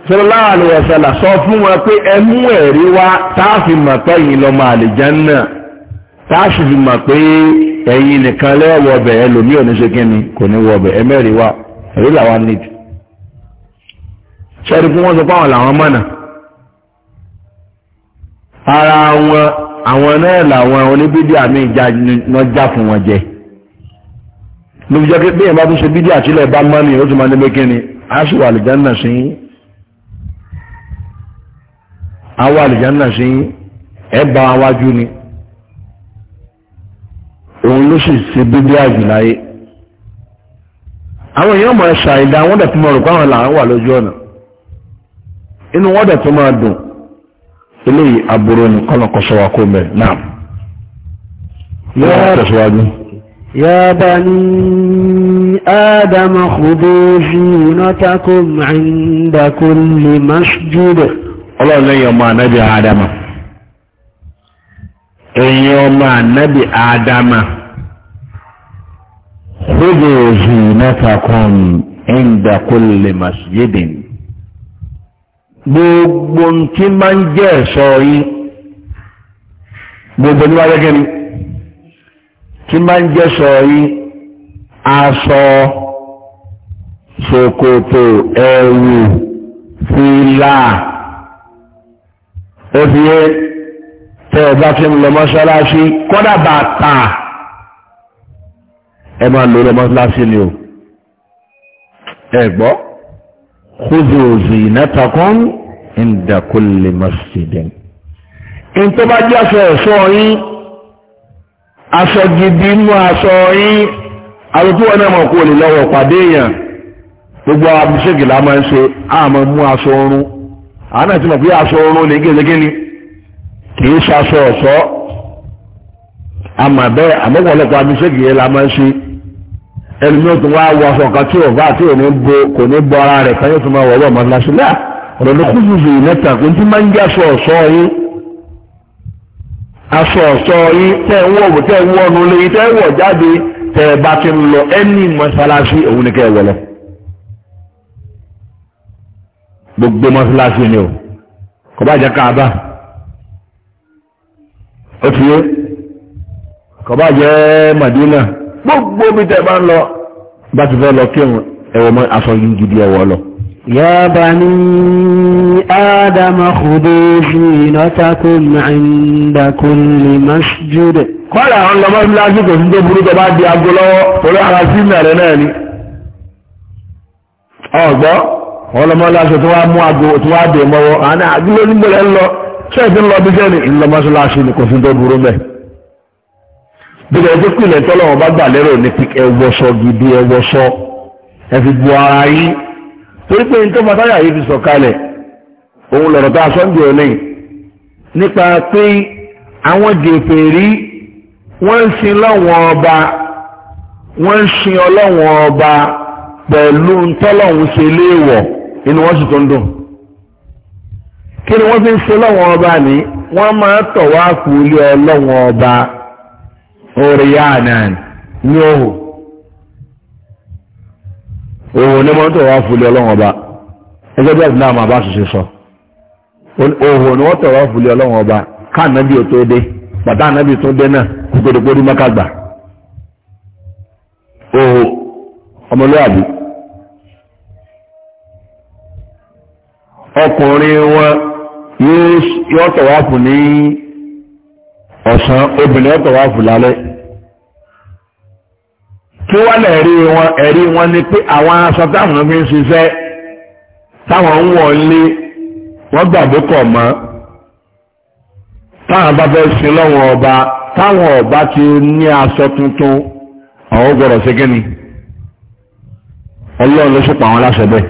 صلى الله عليه وسلم sọ fún wọn pé ẹ mú ẹ̀rí wá tá fi mọ̀ pé ẹ̀yin lọmọ àlìjánà tá sì mọ̀ pé ẹ̀yin nìkan lẹ́wọ̀ ọbẹ̀ ẹlòmí ò ní ṣe kí ni kò ní wọ ọbẹ̀ ẹ wá ẹ̀rí làwọn nídìí ṣẹ́rí fún wọ́n sọ fáwọn làwọn mọ̀nà ara wọn àwọn náà làwọn oníbídí àmì ìjà já fún wọn jẹ lóbi jẹ́ pé bí èèyàn bá tún ṣe bídí àtìlẹ̀ bá mọ́nì ó tún máa níbi kíni a sì wà àlìjánà sí àwọn àlìjánà sí ẹ bá wọn wájú ni òun ló sì ṣe bíbí àjùláyé àwọn èèyàn mọ̀ ẹ́ ṣàìdá wọ́n dẹ̀ tún mọ̀ rò pé àwọn làwọn wà lójú ọ̀nà inú wọn dẹ̀ tó máa dùn eléyìí aburú ni kọ́nà kọ́sọ́wá kó mẹ́ náà yóò tẹ̀síwájú. يا بني آدم خذوا زينتكم عند كل مسجد ọlọ́run lẹ́yìn ọmọ ànábì àádámà ẹ̀yìn ọmọ ànábì àádámà خذوا زينتكم عند كل مسجد gbogbo tí máa ń jẹ́ ẹ̀ṣọ́ yín gbogbo ní wáyé gẹ́ni tí máa ń jẹ́ ẹ̀ṣọ́ yín aṣọ ṣòkòtò ẹ̀wù fìlà ó fi yé tẹ́ fi ń lọ mọ́ṣáláṣí kọ́dà bàtà ẹ máa lò lọ mọ́ṣáláṣí ni o ẹ khudhu zinatakum inda kulli masjidin in tó bá jẹ́ aṣọ ẹ̀ṣọ́ yín aṣọ gidi inú aṣọ yín àrùtú wọn náà mọ̀ kó lè lọ́wọ́ pàdé èèyàn gbogbo abúṣègì la máa ń ṣe àmọ́ mú aṣọ oorun àánà tí mọ̀ pé aṣọ oorun lè gẹ́gẹ́ ni kì í ṣaṣọ ọ̀ṣọ́ àmọ́ bẹ́ẹ̀ àmọ́pọ̀lọpọ̀ abúṣègì yẹn la ń ṣe ẹlùmí ò tún wá wọ aṣọ kan tí òvá ní bo kò ní bọ ara rẹ̀ kan yóò tún máa wọ̀ wọ̀ mọ́tíláṣí náà ọ̀rọ̀ ló kún fún mẹ́ta kò tí máa ń jẹ́ aṣọ ọ̀ṣọ́ yín aṣọ ọ̀ṣọ́ yín tẹ́ ń wọ̀ tẹ́ ń wọ̀ nulẹ̀ yín tẹ́ ń wọ̀ jáde tẹ́ ẹ bá gbogbo ni o kò bá jẹ́ ó ti yé Madina. gbogbo omi tẹ̀ bá ń lọ bá ti fẹ́ lọ kí òun ẹ̀wọ̀ mọ́ aṣọ yìí gidi ẹ̀wọ̀ lọ. يا بني آدم خذوا زينتكم عند كل مسجد قال àwọn lọ mọ́sí lásìkò sí tó burú tó bá di agbó lọ́wọ́ torí ara sí mẹ́rẹ̀ náà ni ọ̀gbọ́ wọ́n lọ mọ́sí lásìkò tó wá mú agbó tó wá dè mọ́wọ́ àná àgbélé nígbèrè ń lọ ṣẹ́ẹ̀tì ń lọ bí sẹ́ni ńlọ lásìkò sí tó burú mẹ́rẹ̀ bíi ẹjọ́ pìlẹ̀ tọ́lọ́wọ́n bá gbà lérò ní pé ẹwọ́sọ gidi ẹwọ́sọ ẹ fi bu ara yín torí pé nítorí fatáyà yìí fi sọ̀kalẹ̀ òun lọ̀rọ̀ tá a sọ ń jẹ́ òní nípa pé àwọn jèfèrí wọ́n ń sin lọ́wọ́n ọba wọ́n ń sin ọlọ́wọ́n ọba pẹ̀lú ntọ́lọ́hún ṣe léèwọ̀ inú wọn sì tó dùn kí ni wọ́n fi ń sin lọ́wọ́n ọba ní wọ́n máa tọ̀ wá ọlọ́wọ́n ọba. oriyanan ní òhò òhò ní mọ́tò wá fúlé ọlọ́wọ́n ọba ẹgbẹ́ bí bá ṣiṣẹ́ sọ òhò ní wọ́n tọ̀wọ́ fúlé ọlọ́wọ́n ọba káànábì ò tó dé bàtà ànábì tó dé náà kúkúrúkúrú mọ́kàgbà òhò ọmọlúwàbí ọkùnrin wọn yóò tọ̀wọ́ fún ní ọ̀sán obìnrin ọ̀tọ̀ wá fùlálẹ́ kí wọ́n lè rí wọn ẹ̀rí wọn ni pé àwọn aṣọ táwọn fi ń ṣiṣẹ́ táwọn ń wọ̀ lé wọ́n gbàgbé kọ̀ mọ́ táwọn bá fẹ́ sin lọ́wọ́ ọba táwọn ọba ti ní aṣọ tuntun àwọn gbọ́dọ̀ ṣe kí ni ọlọ́run ló ṣùpọ̀ àwọn aláṣẹ bẹ́ẹ̀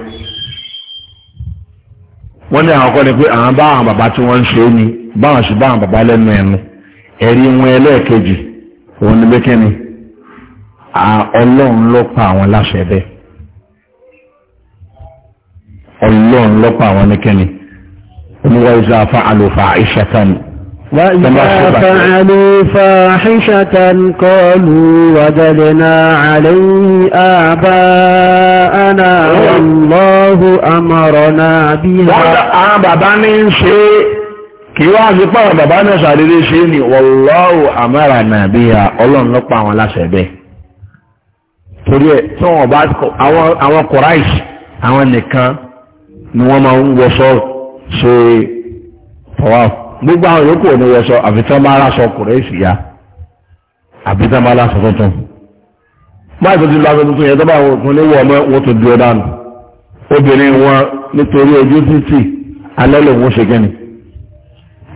wọ́n ní àwọn kọ́ ni pé àwọn bá àwọn bàbá tí wọ́n ń ṣe é ni báwọn ṣe bá àwọn bàbá lẹ́nu ẹ̀nu ẹ̀rí wọn ẹlẹ́ẹ̀kejì òun ni bẹ́kẹ́ni ọlọ́run ló pa àwọn láṣẹ bẹ́ẹ̀ ọlọ́run ló pa àwọn nìkẹ́ni oníwà ìzà fa'alu fa'ishatan وإذا فعلوا فاحشة قالوا وجدنا عليه آباءنا والله أمرنا بها kì wá sí pàwọn bàbá náà sàdédé ṣe ni wallahu àmàrà nàbíyà ọlọ́run ló pa àwọn aláṣẹ bẹ́ẹ̀ torí ẹ̀ tí wọ́n bá àwọn kọ̀ráìsì àwọn nìkan ni wọ́n máa ń wọṣọ ṣe tọ́wá gbogbo àwọn yòókù ò ní wọṣọ àfitán bá aláṣọ kọ̀ráìsì ya àfitán bá aláṣọ tuntun báyìí tó ti lọ aṣọ tuntun yẹn tó bá wọn kún ní wọ́ọ̀mọ́ wọ́n tó di ọ̀dánù obìnrin wọn nítorí ojú títì alẹ́ lòun ṣe kẹ́ni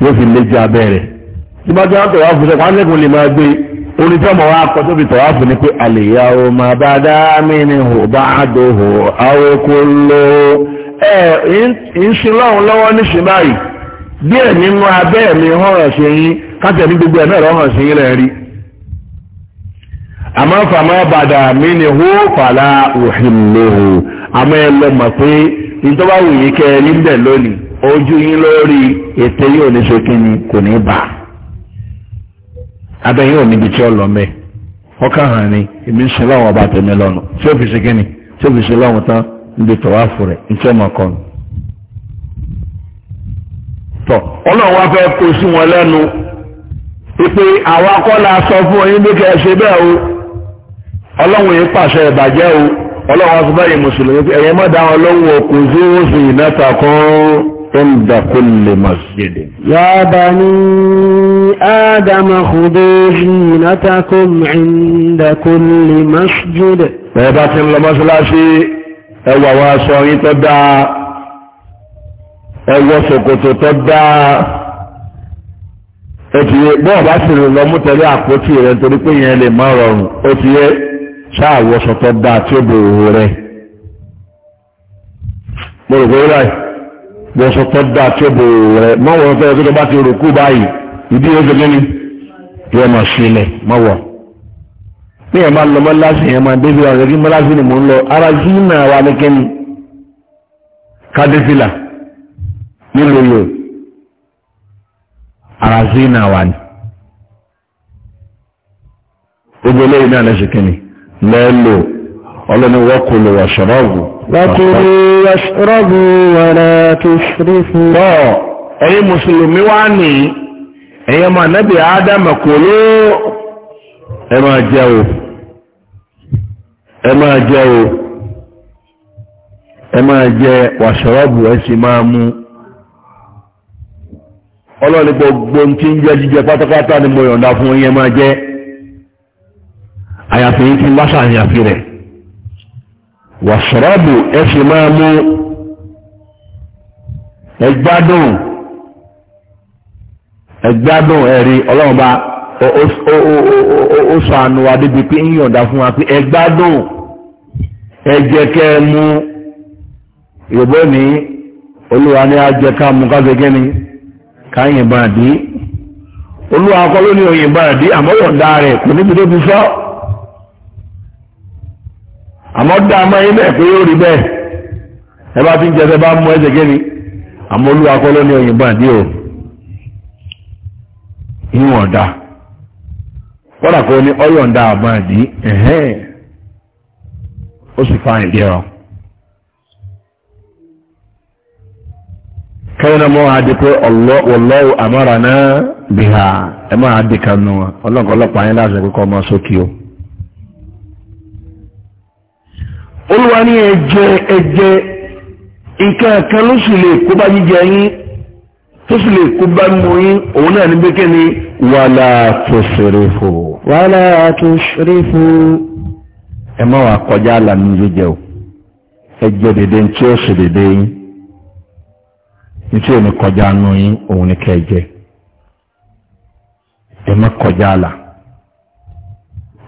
yóò fi lé jẹ abẹ́ rẹ̀ tí bá jẹ́ àtọ̀wá fún sẹ́kọ̀ ánẹ́kùn lè máa gbé orin tí ọmọ wa kọ tó fi tọ̀wá fún ni pé àlèyá o máa bá dá mìíní hù bá àdóhù àwòkó ló ẹ ń lọ́run lọ́wọ́ níṣẹ́ báyìí abẹ́ hàn ṣe yín káṣẹ̀ gbogbo hàn yín rẹ̀ rí àmọ́ fàmọ́ bàdà ojú yín lórí ètè yóò ní sókínni kò ní bà abẹ́yìn ò níbi tí ó lọ mẹ́ ọ hàn ní èmi ń sin láwọn ọba tẹ̀mí tí ó fi ṣe kínni tí ó fi ṣe láwọn tán níbi tọ̀wáfù rẹ̀ nke ọmọ kan. ọlọ́run wá fẹ́ kó sí wọn lẹ́nu sọ fún bí kẹ́ ẹ ṣe bẹ́ẹ̀ o ọlọ́run yìí pàṣẹ ìbàjẹ́ o ọlọ́run wá sọ mùsùlùmí ẹ̀yẹ́ dáhùn عند كل مسجد يا بني آدم خذوا زينتكم عند كل مسجد ẹ̀bá tí ń lọ mọ́sílá sí ẹwà wa aṣọ yín bọ́ọ̀ bá sì lọ mú tẹ̀lé àpótí rẹ̀ nítorí pé yẹn lè má rọrùn ó yẹ ṣáà wọṣọ tó dáa tí ó bò rẹ̀ mo rò pé ó ráì bọ́sọ̀ tó dáa tí ó bò rẹ̀ mọ́wọ́ fẹ́ tó bá ti rùkú báyìí ìdí yóò ṣe kíni yóò máa ṣe mọ́wọ́. bí ẹ̀ máa lọ mọ́láṣí yẹn máa débi ọ̀rẹ́ kí mọ́láṣí ni mò ń lọ ara sí náà wà ní kíni kádífìlà nílò yò ara sí náà wà ní. gbogbo eléyìí náà lẹ́sìn kíni lẹ́ẹ̀lò ọlọ́ni wọ́kùlù wọ̀ṣọ̀rọ̀gùn وَكُلُوا وَاشْرَبُوا وَلَا تُسْرِفُوا tọ́ ẹ̀yin mùsùlùmí wá ní ẹ̀yin ọmọ ànábì ádámà kò ló ẹ máa jẹ o ẹ máa jẹ gbogbo tí ń jíjẹ pátápátá mo wàṣọ́rọ́bù ẹ sì ma ẹ gbádùn ẹ gbádùn ẹ̀rí ọlọ́run bá ó sọ àánú wa wa pé ẹ gbádùn ẹ jẹ yorùbá ní olúwa ní ajẹ ká mú ká ni ká yìnbọn àdí olúwa akọ́ ló ní òyìnbọn àdí àmọ́ yọ̀ǹda àmọ́ dá a máa yín bẹ́ẹ̀ pé yóò rí bẹ́ẹ̀ ẹ bá ti ń jẹ́ ẹ bá mú ẹsẹ̀ kéde àmọ́ olúwa kọ́ ló o ìwọ̀n ọ̀dà kọ́dà kó ní ọ̀yọ̀ǹda àbọ̀ ẹ̀hẹ́n ó sì fa biha ẹ máa adé kan nù láti ẹ̀kọ́ o. olúwa ní ẹ̀jẹ̀ ẹ̀jẹ̀ nǹkan kan ló sì lè kó bá jíjẹ yín tó sì lè kó bá mú yín òun náà ní bẹ́kẹ́ ni wàlá tusrifu. wàlá tusrifu. ẹ má wàá kọjá àlànà jíjẹ o ẹ̀jẹ̀ dèdè tí ó sì dèdè yín nítorí òní kọjá nù yín òun ní kẹjẹ ẹ má kọjá àlà.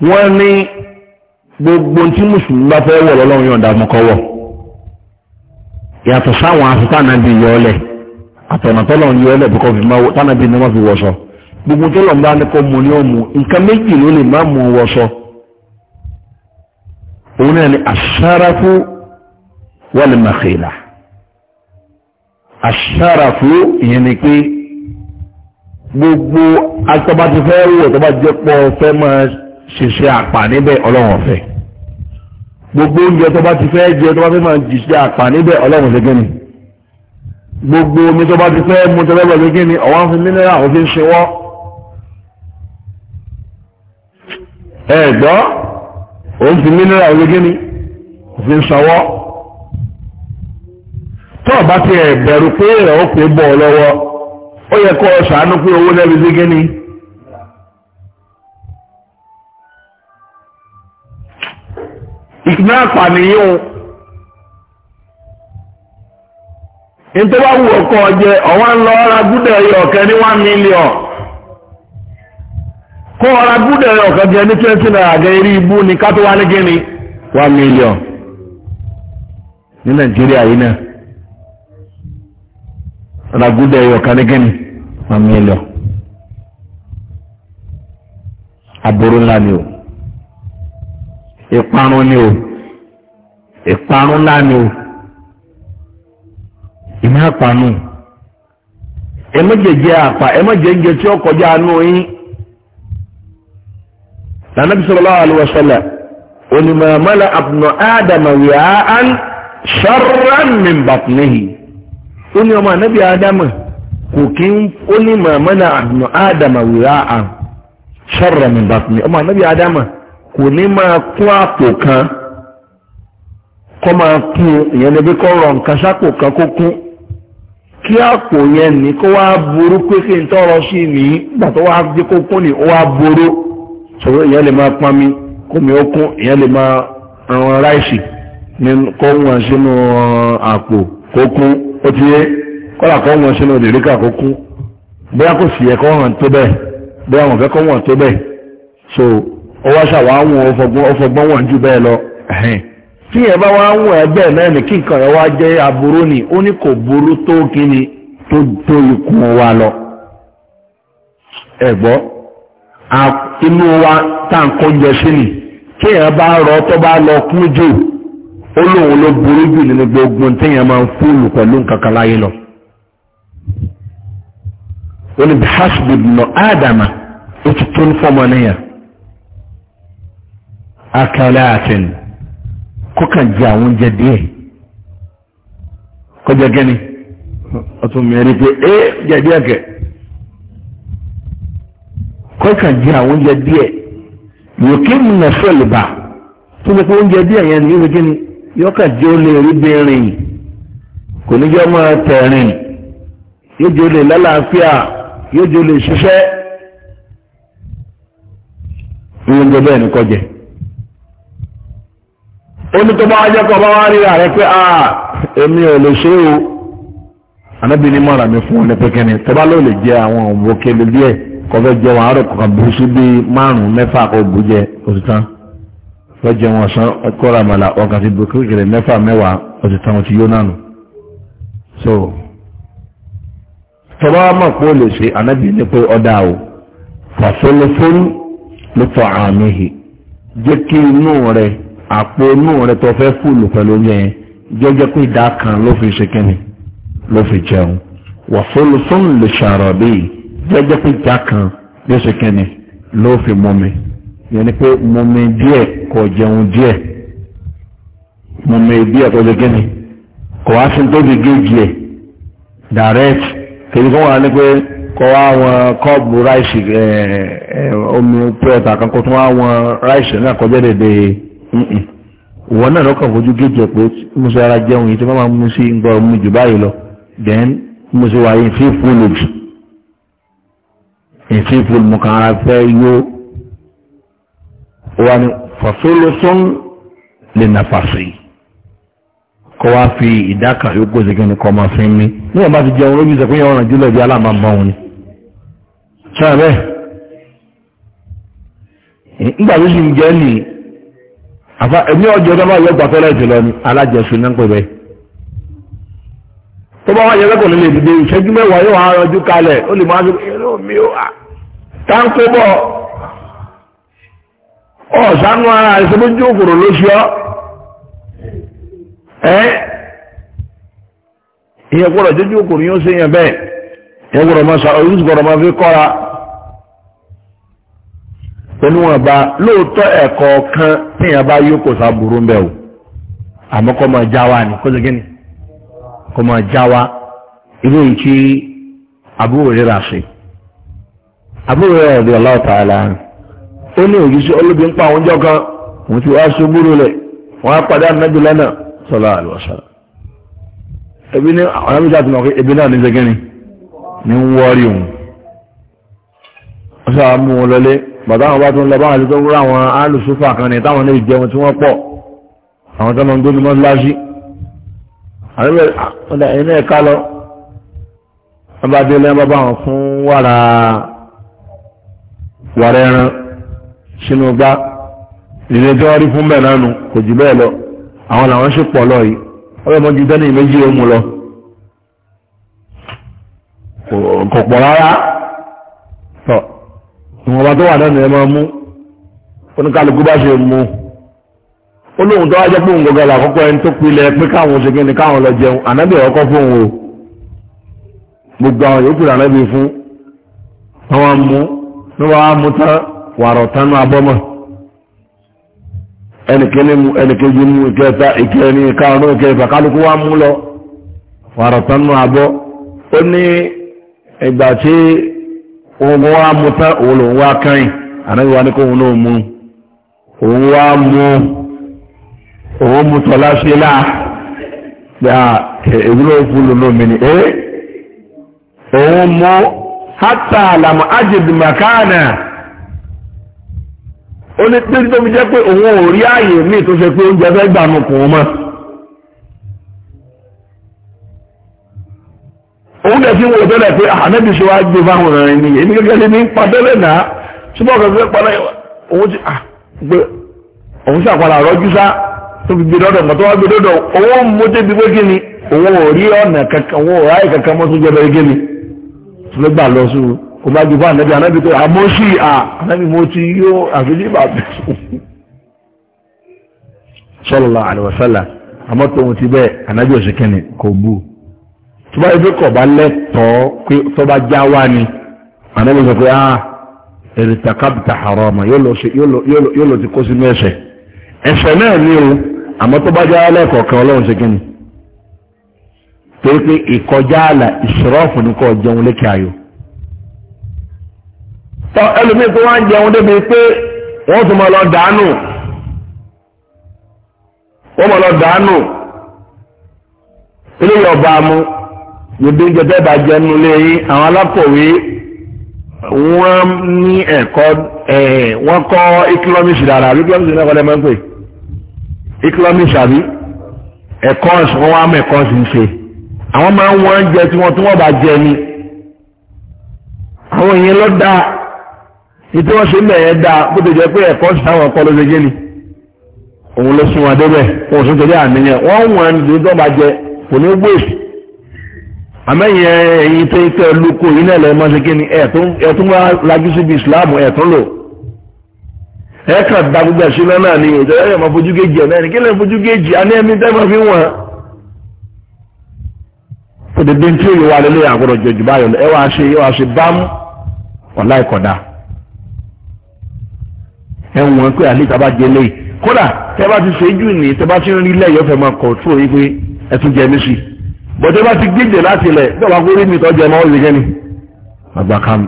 wọ́n ní gbogbo tí mùsùlùmí bá fẹ́ wọ̀ lọ́lọ́run yọ̀ǹda ọmọkọ́wọ̀ yàtọ̀ sáwọn aṣọ tánàbí yọọlẹ̀ àtọ̀nà tọ́lọ́run yọọlẹ̀ bí kò fi máa tánàbí ni wọ́n fi wọṣọ gbogbo tọ́lọ́run bá ní kó mu ní ọ̀mù nǹkan méjì ló lè má mu wọṣọ òun náà ni àṣàràfù wọlé màkìlà àṣàràfù ìyẹn ni pé gbogbo atọ́ba ti fẹ́ wọ̀ tọ́ba jẹ́ pọ̀ fẹ́ máa ṣiṣẹ́ àpà níbẹ̀ ọlọ́run ọ̀fẹ́ gbogbo oúnjẹ tó bá ti fẹ́ jẹ tó bá fẹ́ máa ṣiṣẹ́ àpà níbẹ̀ ọlọ́run ṣe kíni gbogbo omi tó bá ti fẹ́ mu tó bá ṣe kíni ọ̀wọ́n fi mínírà òfin ṣe wọ́ ẹ̀gbọ́ òun fi mínírà òfin kíni òfin ṣọwọ́ tó o bá ti ẹ̀ bẹ̀rù pé ẹ̀ ó bọ̀ lọ́wọ́ ó yẹ kó o ṣàánú pé owó lẹ́bi ṣe kíni. ìkìlá àpànìyàn nítorí wàá wù ọkọ ọjẹ ọwọ́n ń lọ ọ̀ra gúdẹ̀ ẹyọ ọ̀kẹ́ ní one million kó ọ̀ra gúdẹ̀ ẹyọ ọ̀kẹ́ jẹ ní twenty naira gẹ eré ibú ni ká tó wá ní kíni one million ní nàìjíríà yìí náà ọ̀ra gúdẹ̀ ẹyọ ọ̀kẹ́ ní kíni one million aburú ńlá ni o ìparun ni o ìparun ńlá ni o ìmọ̀ àpanu ẹ méjèèjì àpà ẹ méjèèjì tí ó kọjá àánú yín lànàbí sallallahu alaihi wasallam onímọ̀ mọ́lá àbùnà ádámà wíyá án sharran min batnihi ó ní ọmọ ànábì ádámà kò kí ń ó ní ádámà wíyá án sharran min batnihi ọmọ ànábì ádámà kò ní máa kún àpò kan kọ́ máa kún ìyẹn níbi kọ́ rọ nǹkan sápò kan kó kún kí àpò yẹn ní kó wá burú pé kí n tọrọ sí ní ìgbà tó wá dé kó kún ní ó wá burú sọ̀rọ̀ ìyẹn lè máa pọn mi kó mi ó kún ìyẹn lè máa ran ráìsì kó wọn sínú uh, àpò kó kún ó ti yé kọ́là kó wọn sínú ìdèríkà kó kún bóyá kò sì yẹ kó wọn tó bẹ́ẹ̀ bóyá wọn fẹ́ kó wọn tó bẹ́ẹ̀ so. ọwọ́ ṣàwọ̀ àwọn ọfọgbọ́n wọ̀n jù bẹ́ẹ̀ lọ tí yẹn bá wá ń wọ̀ ẹgbẹ́ mẹ́rin kí nǹkan wá jẹ́ aburú ni ó ní kò burú tó tó tó wa lọ ẹ̀gbọ́ inú wa tá sí ni tí bá rọ tó bá lọ jù ó lóun ló burú jù nínú gbogbo tí máa ń lọ ní bí ó ti tún fọmọ akalatin kókàn jẹ àwọn oúnjẹ díẹ̀ kọjá gẹ́ni ọtún mẹ́rin pé é jẹ díẹ̀ kẹ kọkàn jẹ àwọn oúnjẹ díẹ̀ yòókè mu nà fẹ́lìbà tó ní pé oúnjẹ díẹ̀ ka ní ìwé gẹ́ni yọkàn jẹ́ ó lè rí bẹ́ẹ̀rìn kò ní jẹ́ ọmọ tẹ̀rìn yóò jẹ́ ó lè lálàáfíà le bẹ́ẹ̀ ni kọjẹ́. oní tó bá jẹ́ kọ́ bá wá rí ààrẹ pé à ah, èmi ò lè ṣe o ànábì ní mọ̀ràn mi fún ọ ní pẹ́kẹ́ni tó bá ló lè jẹ àwọn òǹbò kele díẹ̀ kọ́ fẹ́ jẹun àárọ̀ kọ̀ọ̀kan bú sí bí márùn-ún mẹ́fà kó bù jẹ oṣù tán fẹ́ jẹun ọ̀sán kọ́ra màlà ọkàn ti bù kékeré mẹ́fà mẹ́wàá oṣù tán ti yó nánu. so tó bá mọ̀ pé ó lè ṣe ànábì ní pé ọ̀dà o fàṣọlọ́fọ́n ló fọ àmì jẹ́ kí inú rẹ̀ àpò inú rẹ tó fẹ́ fúlù pẹ̀lú oúnjẹ yẹn jẹ́jẹ́ pé ìdá kan ló fi ṣe kínní ló fi jẹun wà fúlùfún lè ṣàrọ̀ bíi jẹ́jẹ́ pé ìdá kan ló ṣe kínní ló fi mumi yẹn ni pé mumi díẹ̀ kò jẹun díẹ̀ mumi díẹ̀ kò ṣe kínní kò wá sí tóbi géèjì ẹ̀ direct kìí kó wà ní pé kọ́ wá wọn kọ́ọ̀bù ráìsì eh, eh, omi pẹ́ẹ́tà kan kó tún wá wọn ráìsì náà kọjá dédé ìwọ náà lọ́kàn fojú géjì ẹ̀ pé mo ṣe ara jẹun yìí tí wọ́n máa mú sí ń gbọ́ mú jù báyìí lọ then mo ṣe wà yìí fi fúlù jù ìfi fúlù mo kàn ara fẹ́ yó wà ní fàṣọlọsọ́n lè nà fàṣì kọ́ wá fi ìdá kan yókù sí kíni kọ́ máa fi ń mí níwọ̀n bá ti jẹun lójú ìṣẹ̀kún yẹn ọ̀ràn jùlọ bí aláàmà òun ni ṣáà bẹ́ẹ̀ nígbà tó sì ń jẹ́ nìyí àfa ẹ̀mí ọjọ́ tó bá yọ gbà tọ́lẹ̀ jùlọ ni alájẹsùn náà ń pè bẹ́ẹ̀ tó bá wà yẹ kẹ́kọ̀ọ́ lè dìde ìṣẹ́jú mẹ́wàá yóò wá rọjú kalẹ̀ ó lè máa fi ẹ̀rọ mi ó à táǹkó bọ̀ ọ̀ sánú ara ìṣẹ́bójú òkòrò ló ṣe ọ́ ìyẹn gbọ́dọ̀ jójú òkòrò yóò ṣe yẹn bẹ́ẹ̀ ìyẹn gbọ́dọ̀ máa sọ orí gbọ́dọ̀ máa fi kọ́ra oníwọ̀nba lóòótọ́ ẹ̀kọ́ kan téèyàn bá yó kò sábúrú ń bẹ̀ o àmọ́ kọ́ mọ̀ já wa ni kó ṣe kíni kọ́ mọ̀ já wa irú yìí tí àbúrò rẹ̀ rà ṣe àbúrò rẹ̀ rẹ̀ Allahu ta'ala ó ní òjíṣẹ́ olóbi ń pa àwọn ọjọ́ kan òun ti wá ṣubúrú lẹ̀ wọ́n á padà mẹ́jọ lánàá sallallahu alaihi ebi ní àwọn ọmọ ìjà ebi náà ní ṣe ní wọ́ọ̀rì òun sáà mú wọn lọlé bàbá wọn bá tún lọ báwọn tó wúrà àwọn alùsùfà kan ní táwọn náà jẹun tí wọ́n pọ̀ àwọn tó máa ń gbóni mọ́síláṣí àríwẹ̀ ẹ̀yìn náà ká lọ wọ́n bá délé wọ́n bá wọn fún wàrà wàrà ẹran sínú gbá ìrìn tí wọ́n rí fún bẹ́ẹ̀ náà nù kò jù bẹ́ẹ̀ lọ àwọn làwọn ṣe pọ̀ lọ yìí wọ́n bẹ́ẹ̀ mọ́jú dẹ́nì méjì ó mú lọ kò rárá ìwọ̀nba tó wà lẹ́nu ẹ̀ máa mú oníkálukú bá ṣe mú ó tó wá jẹ́ pé òun gọ́gọ́ làkọ́kọ́ ẹni tó pilẹ̀ pé káwọn ṣe kíni káwọn lọ jẹun ànábì ọkọ́ fóun o gbogbo àwọn yòókù ànábì fún wọn mú ní wọn mú tán wàrọ̀ tánú abọ́mọ̀ mú ẹnìkejì mú ìkẹta ìkẹni ìkarùn ìkẹfà kálukú mú lọ wàrọ̀ tánú abọ́ ó ní ìgbà tí ogun wa mú tán òun lòun wá káyìn ànábì wa ní kó òun náà mú òun wá mú òun mú tọ́lá ṣe láà pé à èwúrò fún lòun lómi ẹ́ òun mú hátà àlàmù ájìdìmàkánà ó ní pé tó fi jẹ́ pé òun ò rí ààyè míì tó pé òun ga fi wo tẹ́lẹ̀ pé ah, ànábì ṣe wá gbé fáwọn ọ̀rọ̀ ẹni èmi gẹ́gẹ́ sí ní padẹ́lẹ̀ náà ṣùgbọ́n kan fẹ́ padà òun ti ah, gbé òun ṣàpàlà rọ́jú sá tó fi gbé dọ́dọ̀ nǹkan wá gbé dọ́dọ̀ òun pé kí ni òun ò rí ọ̀nà kankan òun ò ráyè kankan mọ́ tó ni ló gbà lọ sí kò bá fún tó àmọ́ sí à tó bá ibi kọ̀ bá lẹ́tọ̀ọ́ já wá ni ànábi sọ pé ah èrìtàkàbìtà harama yóò lọ ti kó sínú ní o àmọ́ tó bá já wá lẹ́kọ̀ọ̀kan ọlọ́run ṣe kí ni torí pé ìkọjá àlà ìṣòrọ́ọ̀fù ní kò jẹun lékè ayò ẹlòmíì tó jẹun débi pé wọ́n tún máa lọ dànù wọ́n máa lọ mu. gbẹdẹjẹ tẹba jẹnu lẹ́yìn àwọn alákọ̀wé wọ́n ní ẹ̀kọ́ ẹ wọ́n kọ́ economics dára àbí economics náà kọlẹ máa ń pè economics àbí ẹ̀kọ́ ọsùn wọ́n mọ ẹ̀kọ́ ọsùn ṣe àwọn máa ń wọ́n jẹ tí wọ́n tí wọ́n bá jẹ ni àwọn èèyàn lọ da ní tí wọ́n ṣe mẹyẹ da bó ti jẹ pé ẹ̀kọ́ ọsùn táwọn ọkọ ló ṣe ni òun ló sún wọn débẹ̀ wọ́n sún tẹ́lẹ̀ àníyàn wọ́n wọ́n ní tí wọ́n bá jẹ kò ní gbèsè àmẹ́yìn ẹ̀yìn tó ń tẹ́ lóko yìí náà lẹ́ẹ̀mọ́ ṣe kí ni ẹ̀tún wá lajú síbi ìsìláàmù ẹ̀tún lò ẹ̀ka da gbogbo ẹ̀sìn náà náà ni ìjọba ẹ̀yọ̀ máa fojú géèjì ọ̀nà ẹ̀rìn kí lè fojú géèjì àní ẹ̀mí tẹ́mọ̀ fi wọ̀n. òdìdí tí òye wa lélẹ́yìn àgbọ̀dọ̀ jọjú báyọ̀ ẹ wàá ṣe ẹ wàá ṣe bámú ọ̀la ìkọ̀dá. ẹ wọ̀n pé àlè tá a bá jẹ lé kódà tẹ́ bá ti ṣe jù ní tẹ́ bá bọ̀tẹ́ bá ti gbígbè láti ilẹ̀ tọ́wà kó rí mi tọ́jú ẹmọ òsì gẹ́ni àgbàkam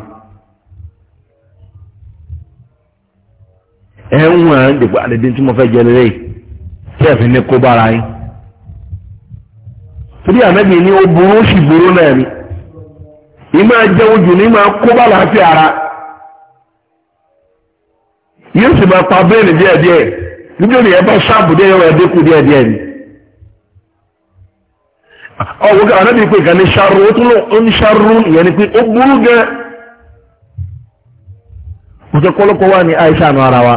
ẹ̀wọ̀n ẹ̀ ń dìgbà àdìdí tí mo fẹ́ jẹ lélẹ̀ tí ẹ̀ fi ní kó bára yín torí àmẹ́bí ni ó burú ó sì burú náà ni ìmọ̀ jẹun jù ní máa kó bá láti ara yóò sì máa pa bẹ́ẹ̀lì díẹ̀díẹ̀ níbi ò ní ẹ bá ṣáàbù díẹ̀ yóò ẹ̀ dínkù díẹ̀díẹ̀ ni ọwọ́ anábì pé gan ní ṣarú ó tún lọ ní ṣarú ìyẹn ni pé ó burú gan òṣè kọ́lọ́kọ́ wà ní àìsà àánú ara wa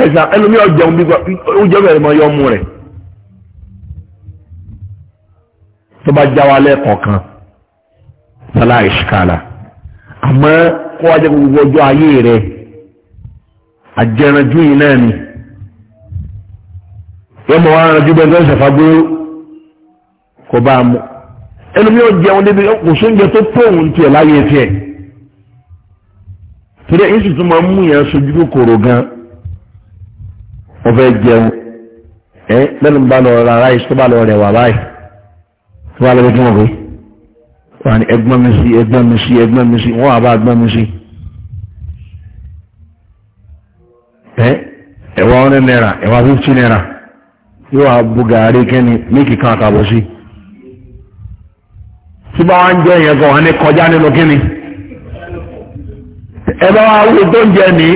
àìsà ẹlòmí ọjọun bí ó jẹ́ bẹ̀rẹ̀ mọ́ yọmú rẹ̀ tó bá já wa lẹ́ẹ̀kọ̀ọ̀kan sálá ìṣìkàlà àmọ́ kó wá jẹ́ gbogbo ọjọ́ ayé rẹ̀ àjẹranjú yìí náà ni yóò mọ̀ wọn rájú bẹ́ẹ̀ lọ́sẹ̀ fagbóró kò bá a mú ẹlòmíì ó jẹun débi kò sóúnjẹ tó tó òun tiẹ̀ láyé tiẹ̀ torí èyí sì tún máa mú yẹn sojú kòkòrò gan wọ́n fẹ́ jẹun ẹ lẹ́nu bá lọ ra ráìsì tó bá lọ rẹ̀ wà báyìí tó bá lọ bí kí wọ́n fi wà ní ẹgbọ́n mi sí ẹgbọ́n mi sí ẹgbọ́n mi sí wọ́n wà bá ẹgbọ́n mi sí. ẹ ẹ̀wà ọ̀rẹ́ náírà ẹ̀wà fífi náírà. yóò wá bugaari gàárì kẹ́ni ní kíkan àtàbọ̀ sí tí bá wá ń jẹ́ ìyẹn gan wọn ní kọjá nínú kíni ẹ bá wá tó ń jẹ ní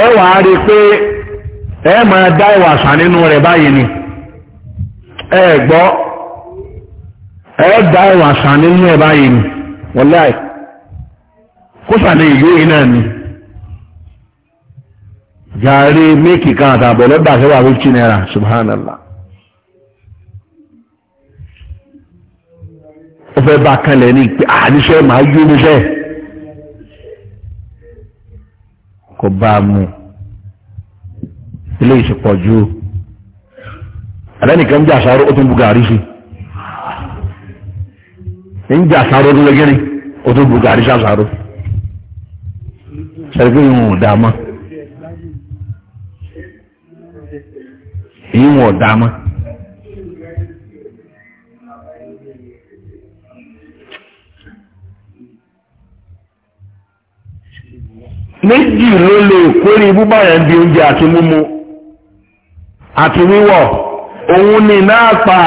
ẹ rí i pé ẹ máa dá ìwàsà nínú rẹ̀ báyìí ni ẹ gbọ́ ẹ dá nínú ẹ̀ báyìí ni wọ́n láì kó ìlú yìí náà ni. gààrí méèkì kan àtàbọ̀ lọ́dà sẹ́wà fifty naira subhanallah ó fẹ́ bá kanlẹ̀ ní ìpè àníṣe ah, màá yú níṣẹ́ kò bá a mú ilé ìṣepọ̀ ju àlẹ́nìkan jẹ́ àṣàrò ó tún bu gààrí sí ń jẹ́ àṣàrò tó lé gírí ó tún bu gààrí sí àṣàrò ṣẹ́gbẹ́ ìwọ̀n ò èyí wọn ọ̀dá mọ́. méjì ló lè kórè búbá yẹn di oúnjẹ àti àti òun ni iná àpà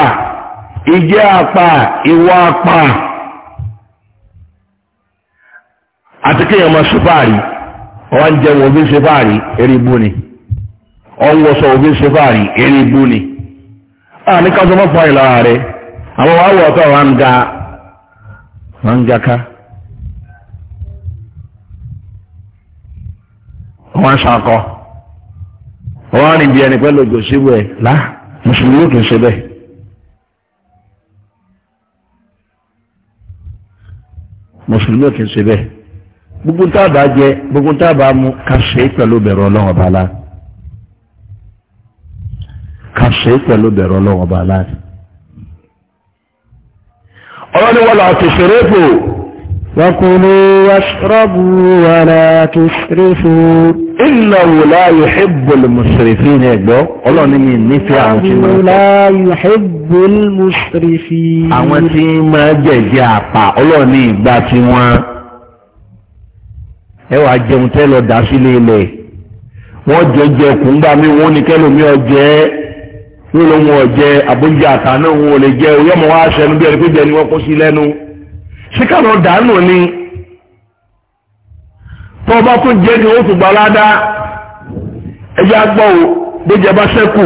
ìjẹ àpà ìwà àpà àti kéèyàn máa ṣe fáàrí ọwọ́ jẹun ni. ọwọ́sọ òbí ṣe fàárí eré ibú ni a ní ká sọmọ́ fún àìlà àwọn àwọ̀ ọ̀tọ̀ ga ga ká rìn bí ẹni pẹ́lú lá mùsùlùmí kì í ṣe bẹ́ẹ̀. mùsùlùmí kì í ṣe bẹ́ẹ̀ gbogbo gbogbo mú ká ṣe pẹ̀lú bẹ̀rù ká ṣe é pẹ̀lú bẹ̀rọ ọlọ́wọ́ bá láàyè. ọlọ́ni wọ́n láti ṣeré bò. وكلوا واشربوا ولا تسرفوا إنه لا يحب المسرفين ẹgbọ́ ọlọ́run ní nífẹ́ àwọn tí máa لا يحب المسرفين àwọn tí ní ìgbà tí mi ní kẹ́lòmí ní ló ń wọ jẹ àbójà àtàná òun ò lè jẹ òun yọmọ wá aṣọ bí ẹni jẹ ni wọn kó sí lẹnu ṣé dànù ni tó o bá ni o tún ẹjẹ agbọ o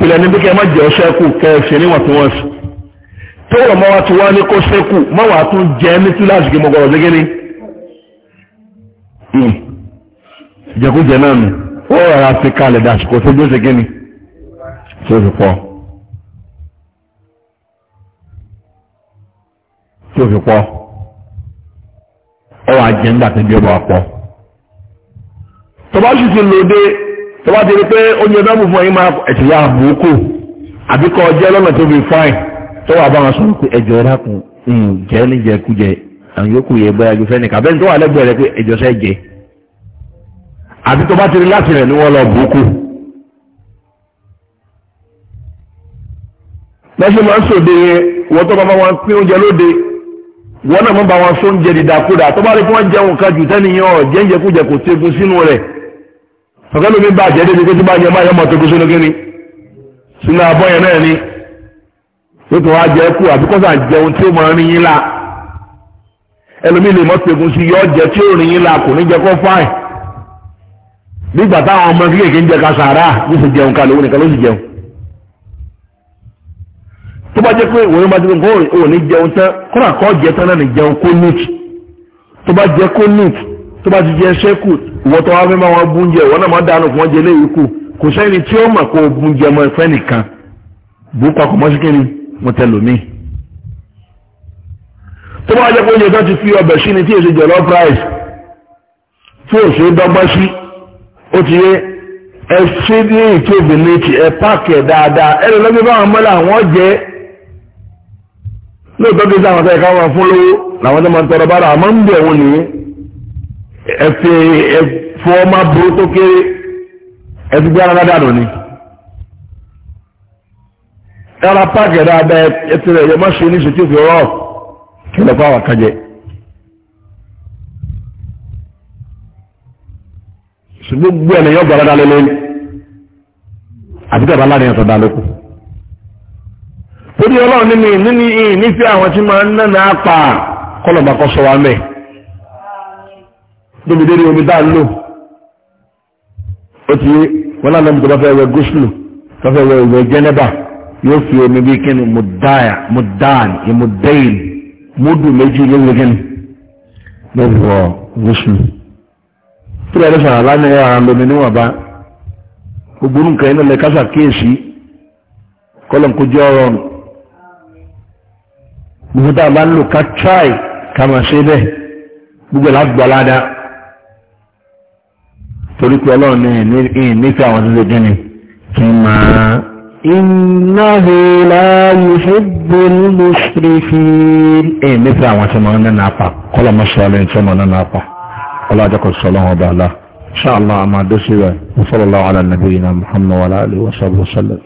bá níbi má jẹ ọ ṣẹ́kù kẹ́ ẹ ṣe níwọ̀ntúnwọ̀nsì tó wọ̀ mọ́ wa ti wá jẹ ní tí ó fi pọ̀ tí ọba tọba sì ti tọba ti rí pé oúnjẹ náà mú fún ẹyin máa ẹ̀sìn yà àbúkù àbíkọ jẹ́ lọ́nà tó fi fáìn tó bá wọn sọ pé ẹjọ́ jẹ́ àwọn yòókù yẹ ju fẹ́ni rẹ pé ẹjọ́ lọ́sẹ̀ máa ń sòde yẹn wọ́n tó bá bá wọn pín oúnjẹ lóde wọ́n náà máa bá wọn sún jẹ dìdàkudà tó bá rí kí wọ́n jẹun kan jù tẹ́niyàn ọ̀ jẹ́njẹkújẹ kò tegun sínú rẹ̀ ọ̀gá lómi bá jẹ́ débi pé bá yẹ máa yẹ mọ̀ tegun sínú kíni sínú abọ́ yẹn náà ni tó tó wá jẹ kú àbíkọ́sà jẹun tí ó máa rin yín la ẹlòmíì lè mọ́ tegun sí yọ jẹ tí ó rin yín la kò ní jẹ kó fáìn nígbà táwọn ọmọ kéékèèké ń jẹ kasàrà ló sì tó bá jẹ́ pé ìwọ̀n yóò bá jẹ́ pé ò ní jẹun tán kọ́nà kọ́ jẹ tán náà ní jẹun kó nìtì tó bá jẹ kó nìtì tó bá ti jẹ ṣẹ́kù ìwọ́n tó wá fẹ́ máa wọn bú oúnjẹ ìwọ́n náà máa dànù fún oúnjẹ léyìí kù kò sẹ́ni tí ó mà kó bú oúnjẹ mọ́ ẹ̀fẹ́ nìkan bú papọ̀ mọ́ sí kíni mo tẹ lómi. tó bá jẹ́ pé oúnjẹ tó ti fi ọbẹ̀ sí ni tí èsì jọ̀lọ́ price tí ò ṣe é ẹ ṣe ní ìtòbí ní ti ẹ páàkì ẹ̀ dáadáa ẹ lè lọ́gbẹ́ báwọn mọ́lá àwọn jẹ́ lóòótọ́ kí sáwọn ọ̀sẹ̀ ká wọn fún lówó làwọn tó máa tọrọ bára àmọ́ ń bẹ̀ wọn nìyẹn ẹ̀fẹ̀ ẹ̀fọ́ máa burú tó kéré ẹ̀fí gbé ara dànù ni. ẹ̀rọ páàkì dáadáa ẹ̀tì rẹ̀ yẹ má ṣe oníṣe tí ó fi rọ̀ kílẹ̀ fún àwọn àkàjẹ́. ṣùgbọ́n gbogbo ẹ̀ àti torí ọlọ́run nínú nínú ìyìn nífẹ́ àwọn tí máa ń nánà apà kọlọ̀bà kọ́ sọ wa mẹ́ níbi dérí omi dáa lò ó ti wọn náà lọ́mù tó bá fẹ́ wẹ gúúsùlù tó fẹ́ wẹ ìwẹ̀ jẹ́nẹ́bà yóò fi omi bí kíni mùdáyà mùdáàn ìmùdẹ́yìn méjì lórí kíni ló wọ gúúsùlù tí wọ́n lè sọ̀rọ̀ lánàá ẹ̀rọ àwọn lómi níwọ̀nba gbogbo nǹkan iná lè kíyèsí kọlọ̀ ń kójú ọ̀rọ̀ gbogbo tá a bá ń lò ká try ká máa ṣe bẹ́ẹ̀ gbogbo lágbà ládá torí pé ọlọ́run ní nífẹ̀ẹ́ àwọn tó ṣe dín ni kí n máa. innahu la yuhibbul musrifin. ẹ nífẹ̀ẹ́ àwọn tí wọ́n nánà apá kọ́lọ̀ mọ́ sọ ọlọ́run tí wọ́n nánà apá ọlọ́jọ́kọ̀ sọ ọlọ́run ọba àlá. insha Allah sí rẹ̀ wa sallallahu ala nabiyyina Muhammad wa ala alihi wa sallam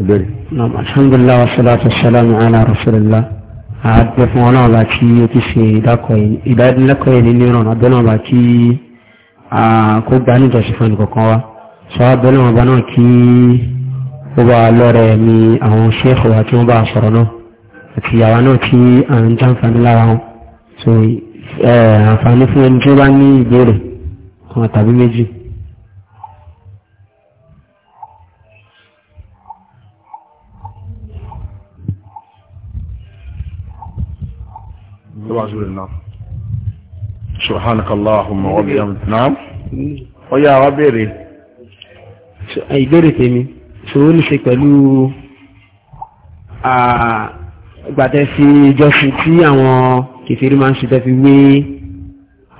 ìbéèrè. naam alhamdulilah wa salatu wa salamu ala rasulillah àgbẹ̀ fún ọlọ́run bá tí ó ti ṣe ìdánilẹ́kọ̀ọ́ yìí nínú ìrànà abẹ́ náà bá tí kó gbà ní ìjọsìn fún ẹnìkọ̀ọ̀kan wa sọ abẹ́ náà bá náà kí ó bá lọ́rẹ̀ ní àwọn ṣéèkù wa tí wọ́n bá sọ̀rọ̀ náà àti àwa náà tí à ń jàǹfààní lára wọn so àǹfààní fún ẹni tí ó bá ní ìbéèrè kan tàbí méjì. lọ́wọ́ àzúrò náà subhanakallah ọmọ ọbẹ̀ yẹn náà ó yá wa béèrè. ìbéèrè tèmi ṣòro ní ṣe pẹ̀lú gbàtẹ́ sí ìjọsìn tí àwọn kìfìrí máa ń ṣe tẹ́fi wé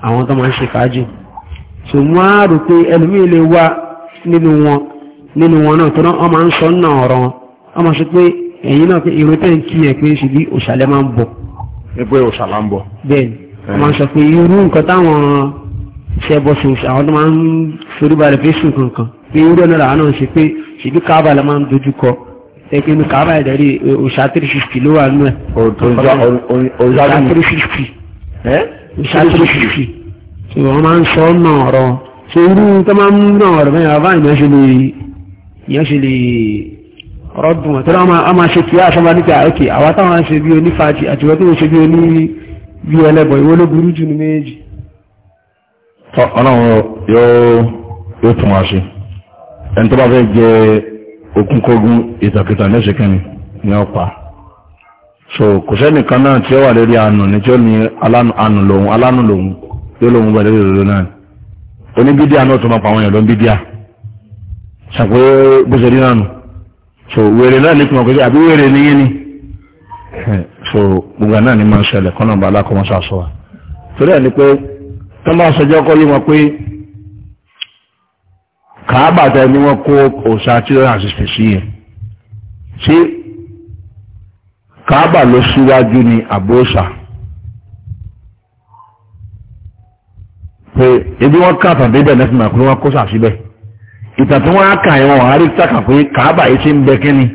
àwọn tó máa ń ṣe fàájì so wọ́n á rò pé ẹlòmíì lè wá nínú wọn nínú wọn náà tó náà wọ́n máa ń sọ náà ọ̀rọ̀ wọn wọ́n máa sọ pé ẹ̀yìn náà pé ìròtẹ́ ń kí ẹ̀ pé ṣùgbọ́n òṣàlẹ̀ máa ń bọ̀ pé òṣàlá ń bọ̀. bẹ́ẹ̀ni a máa sọ pé irú nǹkan táwọn ṣẹbọsùn àwọn tó máa ń forí balẹ̀ pé sùn kankan pé irú ọ̀nà làwọn náà ṣe pé ṣèbí káàbà la máa ń dojú kọ ẹgbẹ́ inú káàbà ìdarí eh, òṣà three fifty ló wà nù ẹ̀. òṣà three fifty. òṣà three fifty. wọ́n máa ń sọ ọ̀nà ọ̀rọ̀ ṣe irú tó máa ń ná ọ̀rọ̀ bẹ́ẹ̀ rọ́dùn wọn tó náà a máa ṣe kí aṣọ máa níta òkè àwa táwọn ṣe bí onífàájì àti wọ́n tó ń ṣe bí oní bí ẹlẹ́bọ̀ ìwọ ló burú jù ní méjì. ọlọ́run yóò tún wá ṣe ẹni tó bá fẹ́ jẹ okúnkógún ìtàkìtà lẹ́sẹ̀ kẹ́ni ni ó so kò sẹ́nìkan náà tí ó wà lórí àánú ni tí ó ní àánú lòun alánú lòun yóò lòun bẹ̀rẹ̀ lòdòdó náà oníbídíà náà tó máa pa àwọn èèyàn lọ so were naanị ní kùnà pẹ̀lú were wèrè ni so gbogbo náà ni máa ń ṣẹlẹ̀ kọ́nà bá alákọ̀ọ́mọ́sá sọ wa ni pé tán bá sọjọ́ kọ́ yí wọn ni wọ́n kó òòṣà tí ó hàn sí ni àbóòṣà pe ebi wọn ká àtàndébẹ̀ nẹ́fìmọ̀ àkúrú wọn ìtàn tí wọ́n á kà yẹn ka tàkà pé kàábà yìí ṣe ń bẹ kíni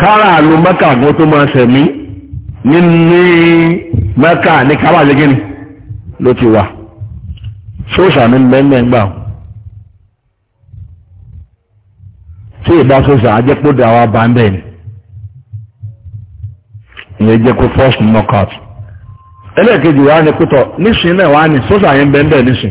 kára àlù mẹ́kà gan tó máa ṣẹ̀mí nínú mẹ́kà ní kàábà ṣe kíni ló ti wà ní tí ìbá wa bá ń bẹ̀ ni ìyẹn jẹ́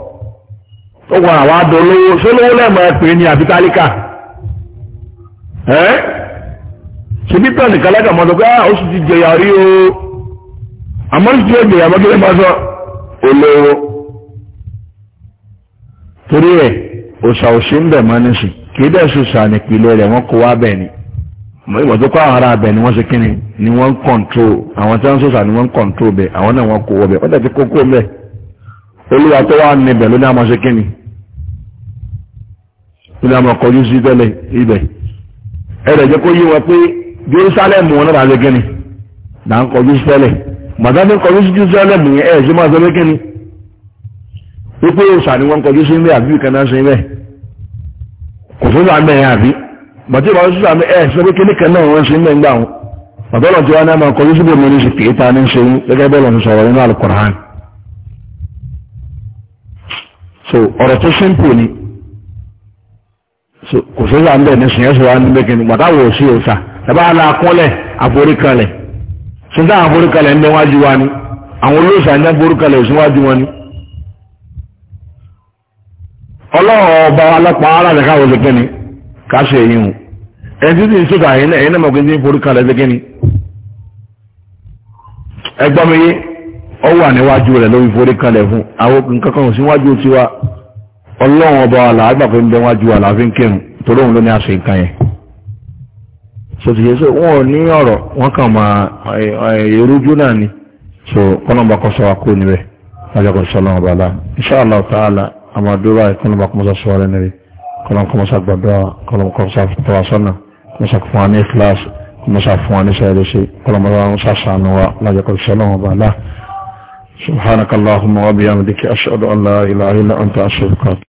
ó gwara àwọn adó olówó sólówó lẹ́mọ̀ ẹ̀pẹ́ ni àbí tálíkà ẹ́ ṣebí tán nìkan lẹ́kàn mọ́tò pé ah, ó sì o àmọ́ sì ti jẹyà mọ́ mọ́tò olówó torí ẹ̀ òṣà òṣì ń bẹ̀ mọ́ níṣì kì í dẹ̀ sùn sàn ìpìlẹ̀ rẹ̀ wọ́n kó wá bẹ̀ ni ìwọ̀n tó kọ́ àwọn ará ni wọ́n ṣe kíni ni wọ́n ń kọ̀ǹtró àwọn tí wọ́n ń sọ̀sà ni wọ́n ń kọ̀ǹtró bẹ̀ àwọn náà wọ́n kó wọ́ bẹ̀ wọ́n tẹ̀ kókó bẹ̀ ilé àmọ́ kọjú sí tẹ́lẹ̀ ibẹ̀ ẹ̀rẹ̀ jẹ́ kó yé wọn pé jerusalemu wọn náà lẹ́gẹ́ ni là ń kọjú sí tẹ́lẹ̀ màdáfẹ́ kọjú sí jerusalemu yẹn ẹ̀ sí máa sọ lẹ́gẹ́ ni wípé òòsà ni wọ́n kọjú sí ilé àbí ilé kò àbí bàtí sí ẹ̀ sọ pé kíní sí ilé ńgbà wọn bàtọ́lọ̀ tí náà máa kọjú sí kò sóṣà ń bẹ̀ ní sùn yẹn sọ̀rọ̀ ní mẹ́kìn gbàtàwọ̀ sí òòṣà tàbá àlà akúnlẹ̀ àforíkalẹ̀ sọ́dá àforíkalẹ̀ ń bẹ wájú wa ni àwọn olóòṣà ń bẹ àforíkalẹ̀ ni. ọba alápàá aláàdẹ́ká wọ́n ṣe ni ká ṣe èyí hù ẹni títí ń sọ́dà ẹ̀yìn náà ẹ̀yìn náà mọ̀kí ń ẹgbọ́n mi ọ fún àwọn nǹkan kan ọlọ́run ọba àlàágbà fi ń bẹ wájú àlàáfíń kírun torí òun ló ní àṣẹ nǹkan yẹn so ti yẹ so wọn ò ní ọ̀rọ̀ wọn kàn máa èrújú náà ni so kọ́nàmbà kọ́ sọ wa kú níbẹ̀ lájọ́kọ̀ sọ ọlọ́run ọba aláà insha Allah ta'ala àmàdúrà ìkọ́nàmbà kọ́mọ́sá sọ wọlé níbi kọ́nàm kọ́mọ́sá gbàdúrà kọ́nàm kọ́mọ́sá tọ́wásọ́nà kọ́mọ́sá fún wa ní ìfìlásì kọ́mọ́sá fún wa ní sẹ́yẹ́dẹ́sẹ́ kọ́nàmbà wọn sàṣàánú wa lájọ́kọ̀ sọ ọlọ́run سبحانك اللهم وبحمدك أشهد أن لا إله إلا أنت أستغفرك